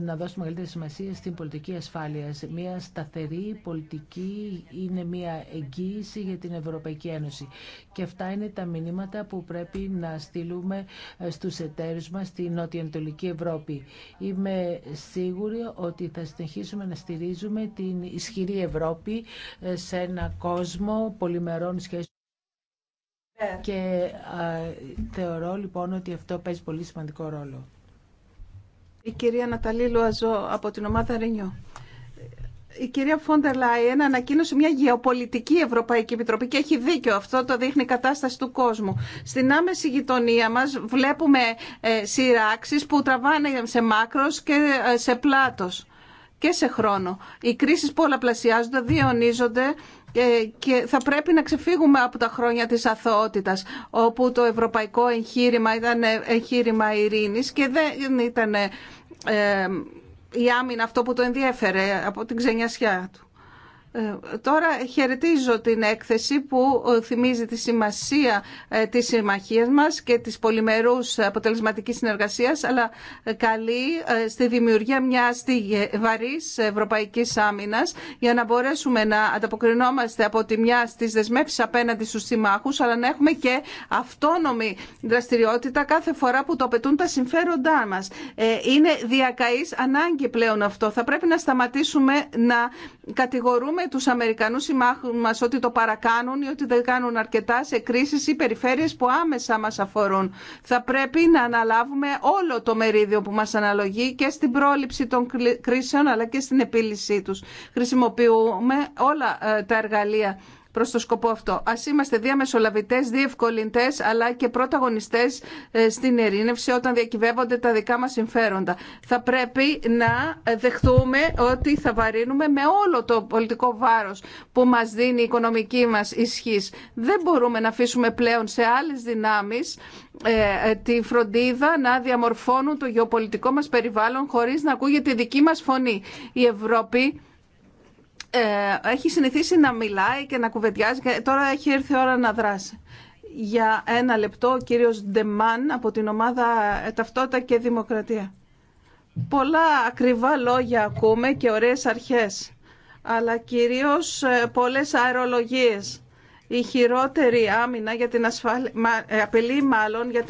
G: να δώσουν μεγαλύτερη σημασία στην πολιτική ασφάλεια. Μια σταθερή πολιτική είναι μια εγγύηση για την Ευρωπαϊκή Ένωση. Και αυτά είναι τα μηνύματα που πρέπει να στείλουμε ε, στους εταίρους μας στη Νοτιοανατολική Ευρώπη. Είμαι σίγουρη ότι θα συνεχίσουμε να στηρίζουμε την ισχυρή Ευρώπη ε, σε ένα κόσμο πολυμερών σχέσεων. Ε. Και θεωρώ λοιπόν ότι αυτό παίζει πολύ σημαντικό ρόλο. Η κυρία
F: Ναταλή Λουαζό από την ομάδα ΡΕΝΙΟ η κυρία Φόντερ Λάιεν ανακοίνωσε μια γεωπολιτική Ευρωπαϊκή Επιτροπή και έχει δίκιο αυτό, το δείχνει η κατάσταση του κόσμου. Στην άμεση γειτονία μα βλέπουμε ε, που τραβάνε σε μακρο και ε, σε πλάτο και σε χρόνο. Οι κρίσει πολλαπλασιάζονται, διαιωνίζονται ε, και θα πρέπει να ξεφύγουμε από τα χρόνια της αθωότητας όπου το ευρωπαϊκό εγχείρημα ήταν ε, εγχείρημα ειρήνης και δεν ήταν η άμυνα αυτό που το ενδιέφερε από την ξενιασιά του. Ε, τώρα χαιρετίζω την έκθεση που ε, θυμίζει τη σημασία ε, της συμμαχίας μας και της πολυμερούς αποτελεσματικής συνεργασίας, αλλά καλή στη δημιουργία μιας βαρύς ευρωπαϊκής άμυνας για να μπορέσουμε να ανταποκρινόμαστε από τη μια στις δεσμεύσεις απέναντι στους συμμάχους, αλλά να έχουμε και αυτόνομη δραστηριότητα κάθε φορά που το απαιτούν τα συμφέροντά μας. Είναι διακαής ανάγκη πλέον αυτό. Θα πρέπει να σταματήσουμε να κατηγορούμε τους Αμερικανούς συμμάχους μας ότι το παρακάνουν ή ότι δεν κάνουν αρκετά σε κρίσεις ή περιφέρειες που άμεσα μας αφορούν. Θα πρέπει να αναλάβουμε όλο το μερίδιο που μας αναλογεί και στην πρόληψη των κρίσεων αλλά και στην επίλυσή τους. Χρησιμοποιούμε όλα ε, τα εργαλεία Προ το σκοπό αυτό. Ας είμαστε διαμεσολαβητέ, διευκολυντέ, αλλά και πρωταγωνιστές ε, στην ειρήνευση όταν διακυβεύονται τα δικά μας συμφέροντα. Θα πρέπει να ε, δεχθούμε ότι θα βαρύνουμε με όλο το πολιτικό βάρος που μας δίνει η οικονομική μας ισχύ. Δεν μπορούμε να αφήσουμε πλέον σε άλλες δυνάμεις ε, τη φροντίδα να διαμορφώνουν το γεωπολιτικό μας περιβάλλον χωρίς να ακούγεται η δική μας φωνή. Η Ευρώπη ε, έχει συνηθίσει να μιλάει και να κουβεντιάζει και τώρα έχει έρθει η ώρα να δράσει. Για ένα λεπτό ο κύριος Ντεμάν από την ομάδα ε, Ταυτότητα και Δημοκρατία. Πολλά ακριβά λόγια ακούμε και ωραίες αρχές, αλλά κυρίως ε, πολλές αερολογίες. Η χειρότερη άμυνα για την ασφάλεια, μάλλον για την